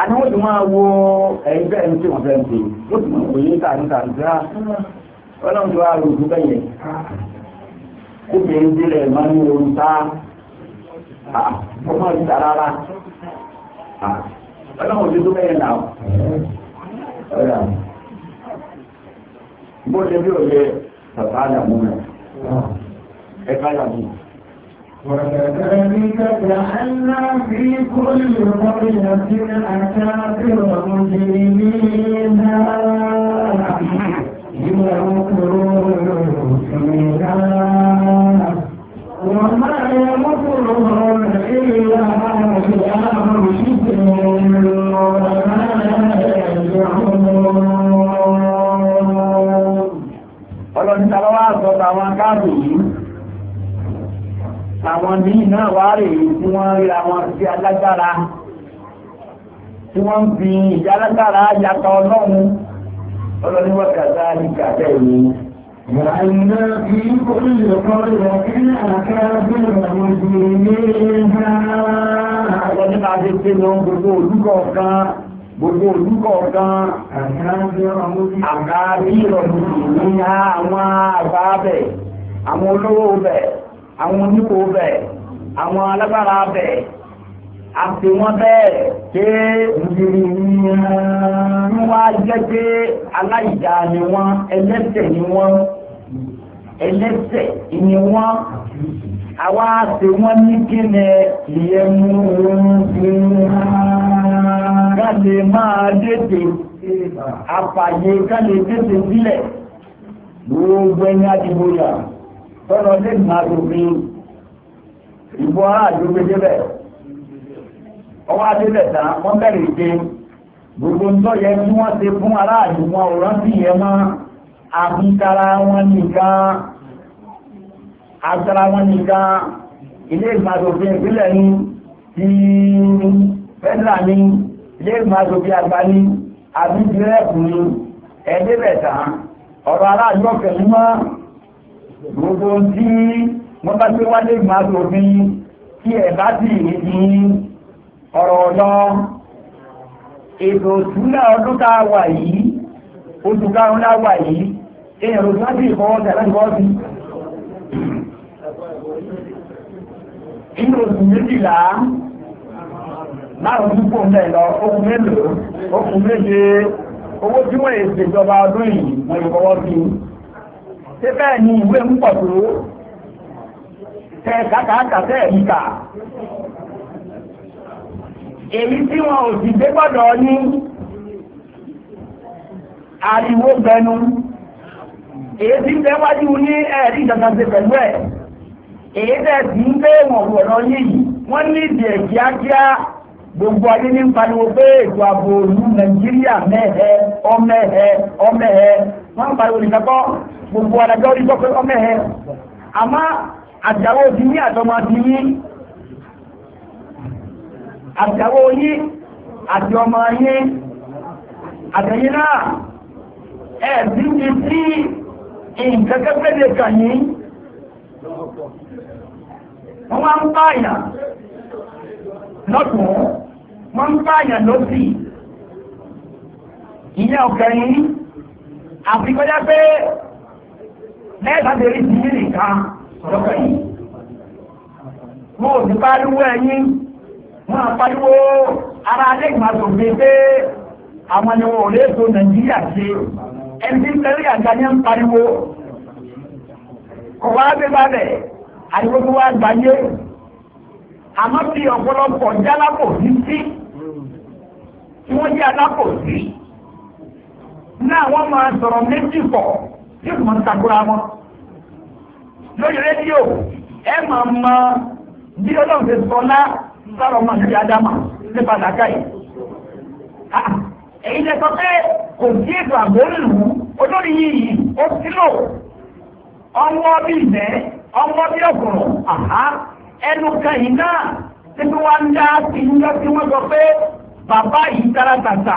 B: àti wọ́n ti máa wo ẹ̀yìn bẹ́ẹ̀ ní tí wọ́n fẹ́ ń pè ó ti máa pè é tàbí tàbí rá ọlọ́run tó wá rò tó bẹ́yẹ kóbìnrin délẹ̀ máa ń lo ta ọmọ ìta rárá ọlọ́run tó tó bẹ́yẹ náà ọ̀rà bó ṣe bí òye tàbí àdàmú rẹ̀ ẹ̀ka àdàmú rẹ̀.
A: وكذلك جعلنا في كل قرية أكابر مجرميها ليمكروا فيها وما يمكرون إلا بأنفسهم وما يشعرون
B: Ọlọ́run ta lọ́wọ́ àtọ́ta àwọn akáàbò yìí àwọn míì náà wá rè é tí wọ́n ríra wọn sí alágbára tí wọ́n ń fi ìjà alágbára yàtọ̀ ọlọ́run ọlọ́ni wákàtá ní kàtẹ́ yìí. Ìrànà bí kò lè kọ́ ìrọ̀ kí ní àkáàbí ìrànà ìdí ní ha. Àwọn ní máa ṣe ṣe lọ gbogbo olúkọ̀ kan, gbogbo olúkọ̀ kan, àkáàbí ìrànà ìdí ní ha àwọn àbábẹ̀, àwọn olówó bẹ̀ àwọn oníkó bẹ́ẹ̀ àwọn alágbára bẹ́ẹ̀ àti wọn bẹ́ẹ̀ pé wọ́n á jẹ́ pé aláìdá ni wọ́n ẹlẹ́sẹ̀ ni wọ́n ẹlẹ́sẹ̀ ni wọ́n àwa àti wọ́n ní kí ni ìyẹn mú ká lè máa dètè àfàyè ká lè sílẹ̀ gbogbo ẹni àdìgbò yàrá tọ́lọ lè máa lófin ìbò ará àdúgbò débẹ̀ ọwọ́ adébẹ̀ tán wọ́n bẹ̀rẹ̀ ìdè gbogbo ńtọ́ yẹ kí wọ́n ṣe fún ará àdúgbò ọ̀rán sì yẹ mọ́ àfikara wọn nìkan àfikara wọn nìkan ilé ìgbàlófin ìpínlẹ̀ ní ti fẹ́dúrà ní ilé ìgbàlófin àgbà ní àbí dírẹ́kù ní ẹ̀ẹ́dẹ́bẹ̀ tán ọ̀rọ̀ ará àdúgbò kẹ̀lú mọ́ gbogbo tí wọ́n bá gbé wálé máa lòbí tí ẹ̀ bá sì rí ní ọ̀rọ̀ ọ̀dọ́ ètò ìsúná ọdún tá a wà yìí oṣù karùn-ún la wà yìí èèyàn ló sábì ìfọwọ́ tẹ̀lé ìfọwọ́ sí. inú oṣù méjìlá márùn-ún púpọ̀ ń bẹ̀ lọ okùn mélòó okùn méje owó tí wọ́n èsè ìjọba ọdún yìí wọ́n ìfọwọ́ ṣé bẹ́ẹ̀ ni ìwé ń pọ̀ tó tẹ kàkàkà tẹ ìkà èyí tí wọn ò sì gbé gbọ́dọ̀ ní ariwo gbẹnu èyí tí ń bẹ wájú ní ẹ̀rí ìdàgbàsẹ̀ pẹ̀lú ẹ̀ èyí tẹ̀ sí ń gbé wọn wọ̀rọ̀ yìí wọ́n ní kíákíá gbogbo ayé ní wọ́n pariwo nìkan kọ́ gbogbo adájọ́ rí gbọ́ pé ọmọ ẹ̀ àmọ́ àjàwó ti ní àtọmọ ti ní àjàwó yín àti ọmọ yín àtẹ̀yìn náà ẹ̀ sí di sí nǹkan kẹ́kẹ́dẹ̀ kàn yín wọ́n máa ń pààyàn lọ́tún wọ́n ń pààyàn lọ́sì ìyẹn ọ̀kẹ́rin àti kọjá pé lẹ́ẹ̀tàbí rí ti yìí nìkan lọ́kọ̀ yìí wọn ò ti pariwo ẹ̀yìn wọn àpariwo ara alẹ́gbàdo mi pé àwọn ni wọn ò lè so nàìjíríà ṣe ẹni tí ń tẹ́lẹ̀ àga ní ń pariwo kọ̀wá bẹ́ẹ̀ bá bẹ̀ àdìgbò tó wá gbáyé àmọ́ bí ọ̀pọ̀lọpọ̀ tí wọ́n jẹ́ alápò sí. náà wọ́n máa sọ̀rọ̀ méjì pọ̀ tí kò máa takura wọn. lórí rédíò ẹ máa ma bí ọlọ́run ti sọ adama nípa làákà yìí. Ah, ah, èyí lè sọ pé kò sí ètò àgbò olórí yìí ó sílò ọwọ́ bí ìbẹ́ ọwọ́ bí ẹnu kan yìí náà títí dá sí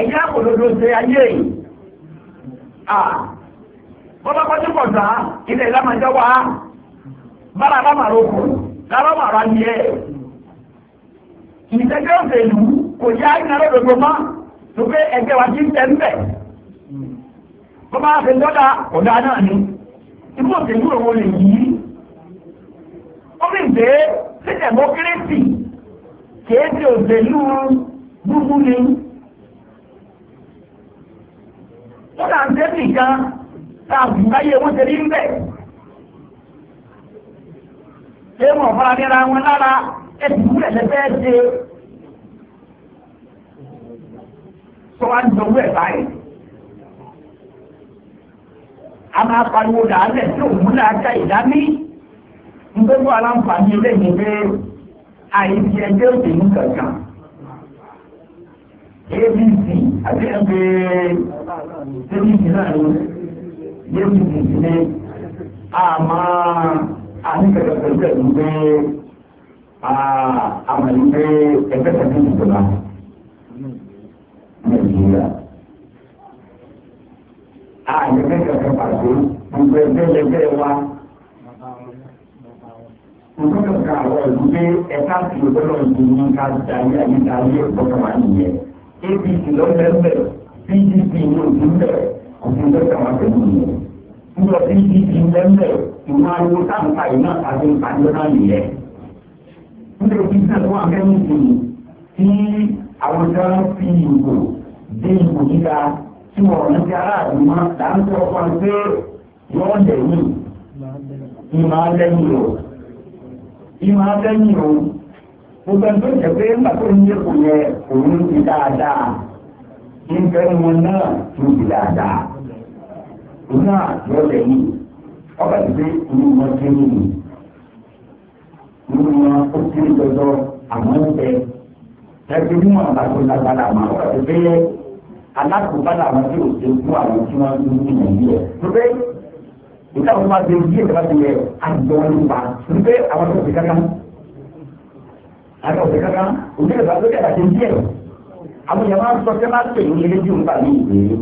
B: ẹ̀yà òdòdó ṣe ayé yìí bọ́lá pọ́jú pọ̀ sá ilẹ̀ ìlàmọ̀jọ́ bára bá màrò kù lára màrò ayé ìṣẹ́jọ́ òṣèlú kò yá ìnáwó ya mọ́ tó pé ẹgbẹ́ wa ti ń tẹ́ ń bọ́ lọ́dà ọ̀dà náà ni ìlú lè yí ó fi dé sí democracy ni. wọ́n na ń tẹ́sí na tá wọ́n ti rí ń bẹ̀. ṣé wọn fara nira wọn lára ẹ ti wúlẹ̀ lẹ́fẹ́ ṣe tó wá ń jọ wúlẹ̀ báyìí. a máa pariwo dàálẹ̀ tí òun múlẹ̀ ajá ìdámí ń aláǹfààní eléyìí pé àìsí kankan. abc àti ẹgbẹ́ abc náà ni abc ní àmà àníkẹ̀kẹ̀ pẹ̀lú ẹ̀lú pé àmàlí pé ẹgbẹ́ tẹ̀lé ìjọba nàìjíríà àyẹ̀kẹ́ kẹ̀kẹ́ pàṣẹ gbogbo ẹgbẹ́ ẹgbẹ́ wa nǹkan kan àwọn ìlú pé ẹ̀ka tìlú tọ́lọ̀ ìlú ní ká darí àyíká ayé ọ̀pọ̀ wà nìyẹn apc lọ́sẹ̀ẹ́sẹ̀ pdp ní òdúnlẹ̀ òfin lọ́sẹ̀ wọn pẹ̀lú ìyẹn nígbà pdp lẹ́mẹ̀ ìwọ̀n ariwo táǹkà iná àti ìpàdánù nìyẹn nígbà pdp wọn akẹ́yìntì tí àwọn tí wọ́n fi ìbò dé ìbò gíga tí wọ́n rán sí aráàlú mọ́ láńtí ọkọ̀ pé yọ́ọ́ lẹ́yìn ìmọ̀ lẹ́yìn o ìmọ̀ lẹ́yìn o gbogbo ẹni tó jẹ́ pé nígbà tó ń yẹ kò yẹ òun ti dáadáa kí n fẹ́ wọn náà tó ti dáadáa òun náà yọ ọ̀rẹ́ yìí ọba ti pé inú wọn ti ní ìlú inú wọn ó ti ní dọdọ àwọn ọ̀bẹ ẹgbẹ́ bí wọn bá tó lágbára àmọ́ ọba ti pé alákòóbálà àwọn tí ò ṣe fún àwọn tí wọn ń ní nàìjíríà tó pé ìta máa gbé díẹ̀ bá ti yẹ àjọ nípa tó pé àwọn tó ti kankan àti ọ̀sẹ̀ kankan òjòlè bá lókè àti díẹ̀ àwọn èèyàn máa ń sọ pé máa ń pè ní ilé jù nípa ní ìwé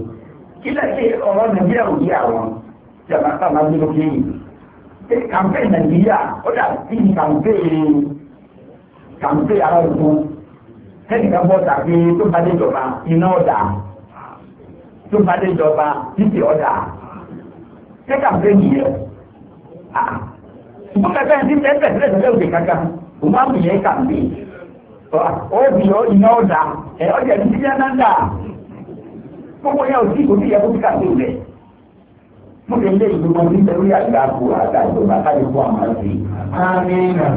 B: kílẹ̀ sí ọ̀rọ̀ nàìjíríà ò yí àwọn jàmbá táwọn máa ń gbé lókè yìí pé kàmpéè nàìjíríà ó dà bí kàmpéè kàmpéè ara òkú kẹ́nìkan bọ́ tàbí tó bá dé ìjọba iná ọ̀dà tó bá dé ìjọba títì ọ̀dà kẹ́kàmpéè yìí yẹ ṣùgbọ́n kẹ́kẹ́ ń dín ẹgbẹ̀rún ẹgbẹ̀rún umaru yẹn kà bí ọbì iná ọ̀dà ẹ ọjà ní sílẹ̀ náà dà gbogbo yẹn ò sí òbí yẹn kó fi kàtó rẹ̀ mo lè lé ìlú wọn nítorí àgbà kò àgbà ìjọba káyọ̀ fún àwọn àti.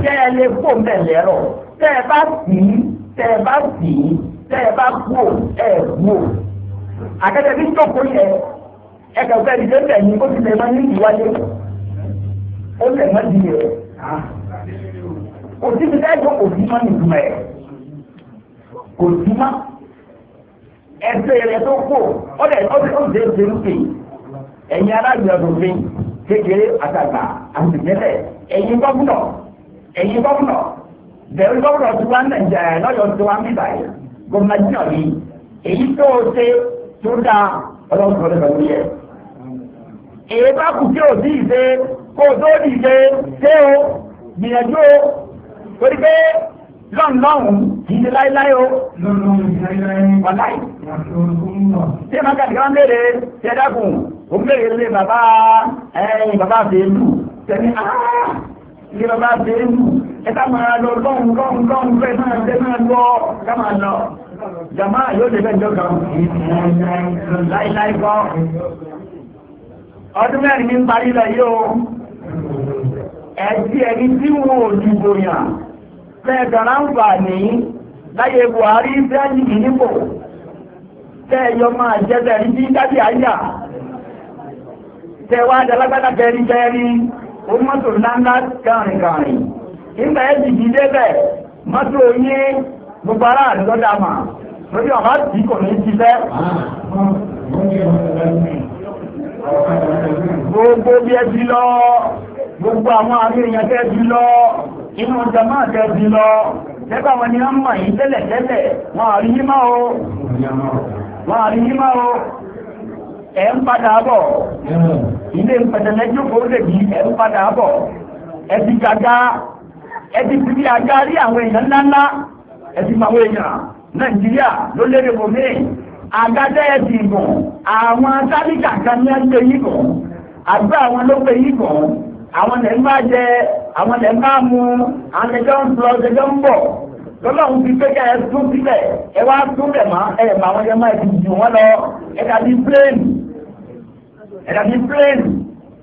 B: tẹ́ ẹ lè kó mẹ́lẹ̀ rọ̀ tẹ́ ẹ bá sì í tẹ́ ẹ bá sì í tẹ́ ẹ bá kú ẹ kú. àkẹ́tẹ́ bí jókòó yẹ ẹ kàn fẹ́ ẹni tó ó ti lè máa ní ìwáyé ó lè má di rẹ̀ kò sí ibi dájọ́ kò sí mọ́ nìtumọ̀ ẹ̀ kò sí mọ́ ẹsẹ̀ rẹ̀ tó kù ọ̀dẹ̀ ọ̀dẹ̀ ọ̀dẹ̀ ṣerúkè ẹ̀yin alágbèbọ̀fin kékeré àtàgbà àtìgbẹ́lẹ̀ ẹ̀yin gọ́fúnà ẹ̀yin gọ́fúnà bẹ̀rù gọ́fúnà tí wọ́n nàìjíríà lọ́yọ̀ tí wọ́n bíbà yẹn gómìnà jìnnà rí èyí tó o ṣe tó dáa ọlọ́run tó lè pẹ̀lú yẹ. èyí bá kù tí o sì ṣe kó o tó di ṣe ṣé o gbìyànjú o torí pé lọ́nlọ́hùn yìí ti láíláí o. wàláì. ṣé màá kàdé wọn léèrè ṣe dákun òun léèrè lé bàbá ẹyin bàbá àfẹ́lú tẹ̀lé ah, ilé bàbá àfẹ́lú ẹ ká máa lọ lọ́hùn lọ́hùn lọ́hùn fẹ́ máa fẹ́ máa lọ ká máa lọ. jàmá yóò lè fẹ́ jọ kan láíláí kọ́ ọdún mẹ́rin ní parí lọ yìí o ẹ̀dí ẹni tí wọn ò dìbò yàn. fẹ́ garanfa ní láyé Buhari fẹ́ẹ́lì ìdìbò tẹ́ yọ máa jẹ́sẹ̀ rí bí dábì àyà tẹ́ wá bẹ́ẹ̀rí bẹ́ẹ̀rí ó mọ́tò ńláńlá kàrin nígbà yẹn ti dìde bẹ́ẹ̀ mọ́tò gbogbo ara lórí tí kò ní ti gbogbo àwọn àrí èèyàn tẹ́ẹ̀bí lọ inú jama tẹ́ẹ̀bí lọ tẹ́bà wọn ni wọ́n mọ̀ yí tẹ́lẹ̀ tẹ́lẹ̀ wọ́n àrí yí máa o wọ́n àrí yí máa o ẹ̀ ń padà bọ̀ ilé ìpẹ̀tẹ̀lẹ́jọ́ kò lè bí ẹ̀ ń padà bọ̀ ẹ̀ ti gàgá ẹ̀ ti fi àgá rí àwọn èèyàn ńláńlá ẹ̀ ti máa wọ èèyàn nàìjíríà ló lérè bòmí àgádẹ́ ẹ̀ ti gùn àwọn sáríkà kan ní ẹ̀ ń gbé yí gùn àgbẹ̀ àwọn ló gbé yí gùn àwọn lẹ̀ ń bá jẹ àwọn lẹ̀ ń bá mu àwọn lẹ̀ jọ ń lọ lẹ̀ jọ ń bọ̀ lọ́lọ́run fi pé ká ẹ tún sílẹ̀ ẹ wá tún lẹ̀ mọ́ ẹ mọ àwọn ẹ̀ma ìdìbò wọn lọ ẹ dàbí plane ẹ dàbí plane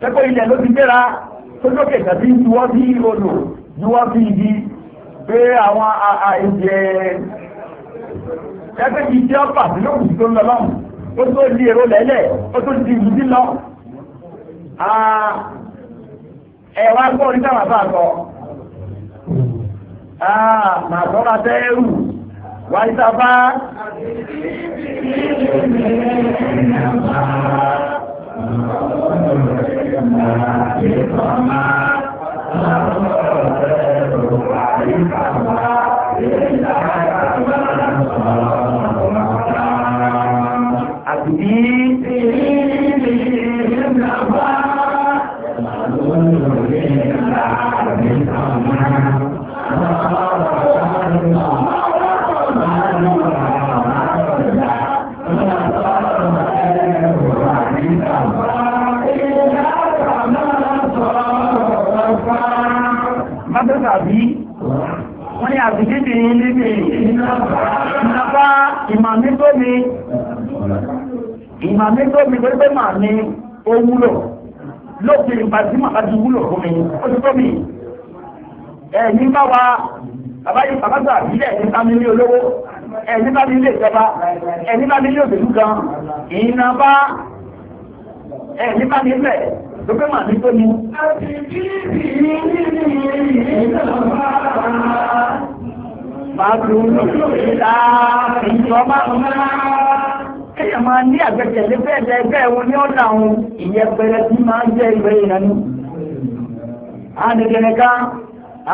B: pẹ́pẹ́ ilẹ̀ ló ti gbéra sójókè tàbí juwọ́ sí odò juwọ́ sí ibi pé àwọn ìjẹ pẹ́pẹ́ ti jẹ́ ọ̀pá sí lóògùn tó ń lọ lọ́hùn ó tó di èrò lẹ́lẹ̀ ó tó di ìlú sí lọ ẹ̀wà gbọ́ orí sáwà bá sọ. Hmm. Ah, màá sọ ma tẹ́ ẹrù wáyé sábà. Thank you. ìmàmí tó mi ìmàmí tó mi tó pé màá ní ó wúlò lópin ìgbà tí màá ti wúlò fún mi ó ti tó mi ẹ̀yìn bá wa bàbá yìí bàbá gbà sílẹ̀ ní bá mi ní olówó ẹ̀yìn bá mi ìjọba ẹ̀yìn bá mi ní gan ìyìnà bá ẹ̀yìn bá mi tó pé màá ní tó mi. àti
A: bí ìdí ní ìdí ní ìdí náà.
B: bàbúrú ìjọba ẹ̀yà máa ní àgbẹ̀tẹ̀lé bẹ́ẹ̀ lẹ́gbẹ́ wọn ní ọ̀nà àwọn ìyẹ́pẹ̀rẹ̀ tí máa ń jẹ́ ìwé ìrànú. àdẹ̀dẹ̀rẹ̀ ká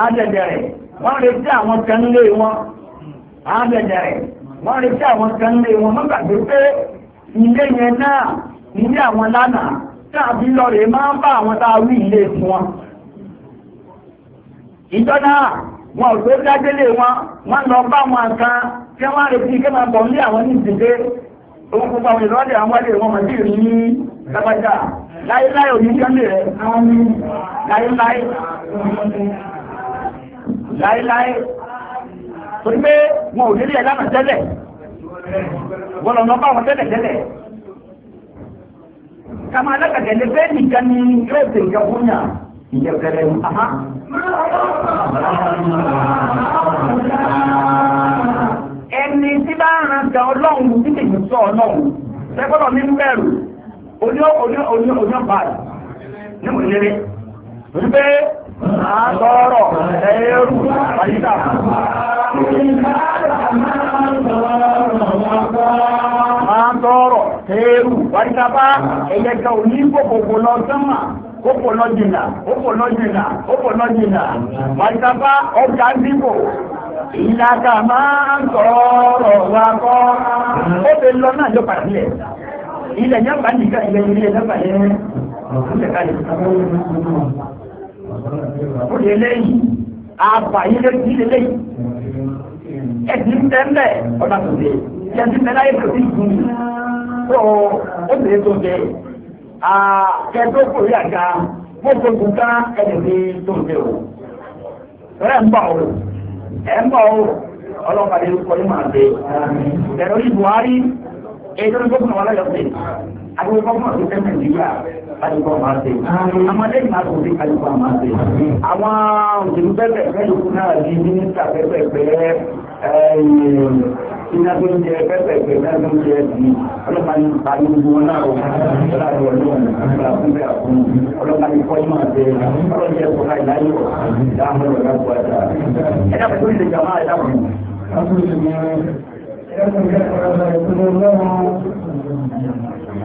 B: àdẹ̀dẹ̀rẹ̀ wọ́n retí àwọn kan lé wọn wọ́n retí àwọn kan lé wọn pé ilé yẹn náà nílé àwọn lánàá tàbí máa ń bá àwọn a ilé fún wọn. ìjọ náà wọn ò gbé dájélé wọn wọn lọ bá wọn kan tí wọn retí kí wọn bọ̀ nílé àwọn ní ìdílé òun gbogbo àwọn ìrọ̀lẹ́ àwọn wálé wọn mọ̀ sí ìrìn ní lágbájá láéláé òní jẹ́lé rẹ̀ láéláé láéláé torí pé wọn ò nílé ẹ̀ lánàá tẹ́lẹ̀ wọn lọ lọ bá wọn tẹ́lẹ̀ tẹ́lẹ̀ kàmá alákàtẹ̀lẹ̀ bẹ́ẹ̀ nìkan ni yóò tẹ̀ nǹkan fún yàn ìjẹ̀bẹ̀rẹ̀ ní aha. ẹni tí bá ń ran gan ọlọ́run tí kìí sọ ọlọ́run sẹ́kọ̀ọ́ ní bẹ̀rù oní oní oní oní ọba rẹ̀ ní mo lérè wípé àtọ̀rọ̀ ẹ̀rù àyíká. Máa ń tọrọ, tẹ́rù, wáyíká bá ẹ̀yẹ kan ò ní kòkòkò lọ sánmà kókò lọ́jìnà kókò lọ́jìnà kókò lọ́jìnà pàtàkì ọjà dìbò ìlàkà máa ń sọ̀rọ̀ wa kọ́ ó fi lọ náà ló pàdé ẹ̀ ilẹ̀ yẹn bá nìkan ilẹ̀ ilẹ̀ yẹn bá yẹn ilẹ̀ kalẹ̀ ó lè léyìn àbàyè létí lè léyìn ẹ̀sìn ń tẹ́ ń bẹ̀ ọ̀dà tó dé ẹ̀sìn ń tẹ́ tó ti gùn ó lè tó dé kẹtó kò rí àga mọ́tò gbùgbà ẹni ní tóbi o rẹ̀ ń bọ̀ o ẹ̀ ń bọ̀ o ọlọ́pàá lè kọ́ ní màá dé ẹ̀rọ ní Buhari èyí tó ní gómìnà wọn àdúgbò mọ̀ sí fẹ́ẹ́ nàìjíríà kálukọ́ máa ṣe àwọn lẹ́yìn máa tó sí kálukọ́ máa ṣe àwọn òṣèlú bẹ́ẹ̀ kálukú náà di mínísítà pẹ́pẹ́pẹ́ iná tó ń jẹ pẹ́pẹ́pẹ́ iná tó ń jẹ bí ọlọ́pàá ní parí gbogbo náà o ọlọ́pàá ọlọ́run ọlọ́pàá fún bẹ́ẹ̀ fún ọlọ́pàá ní kọ́ńtà ṣe ọlọ́run jẹ́ kọ́ńtà ìdáyọ̀ ìdáhùn ọ̀gá gbọ́dá ẹ̀dá pẹ̀lú ìdèjà máa ẹ̀dá pẹ̀lú.
A: Thank you.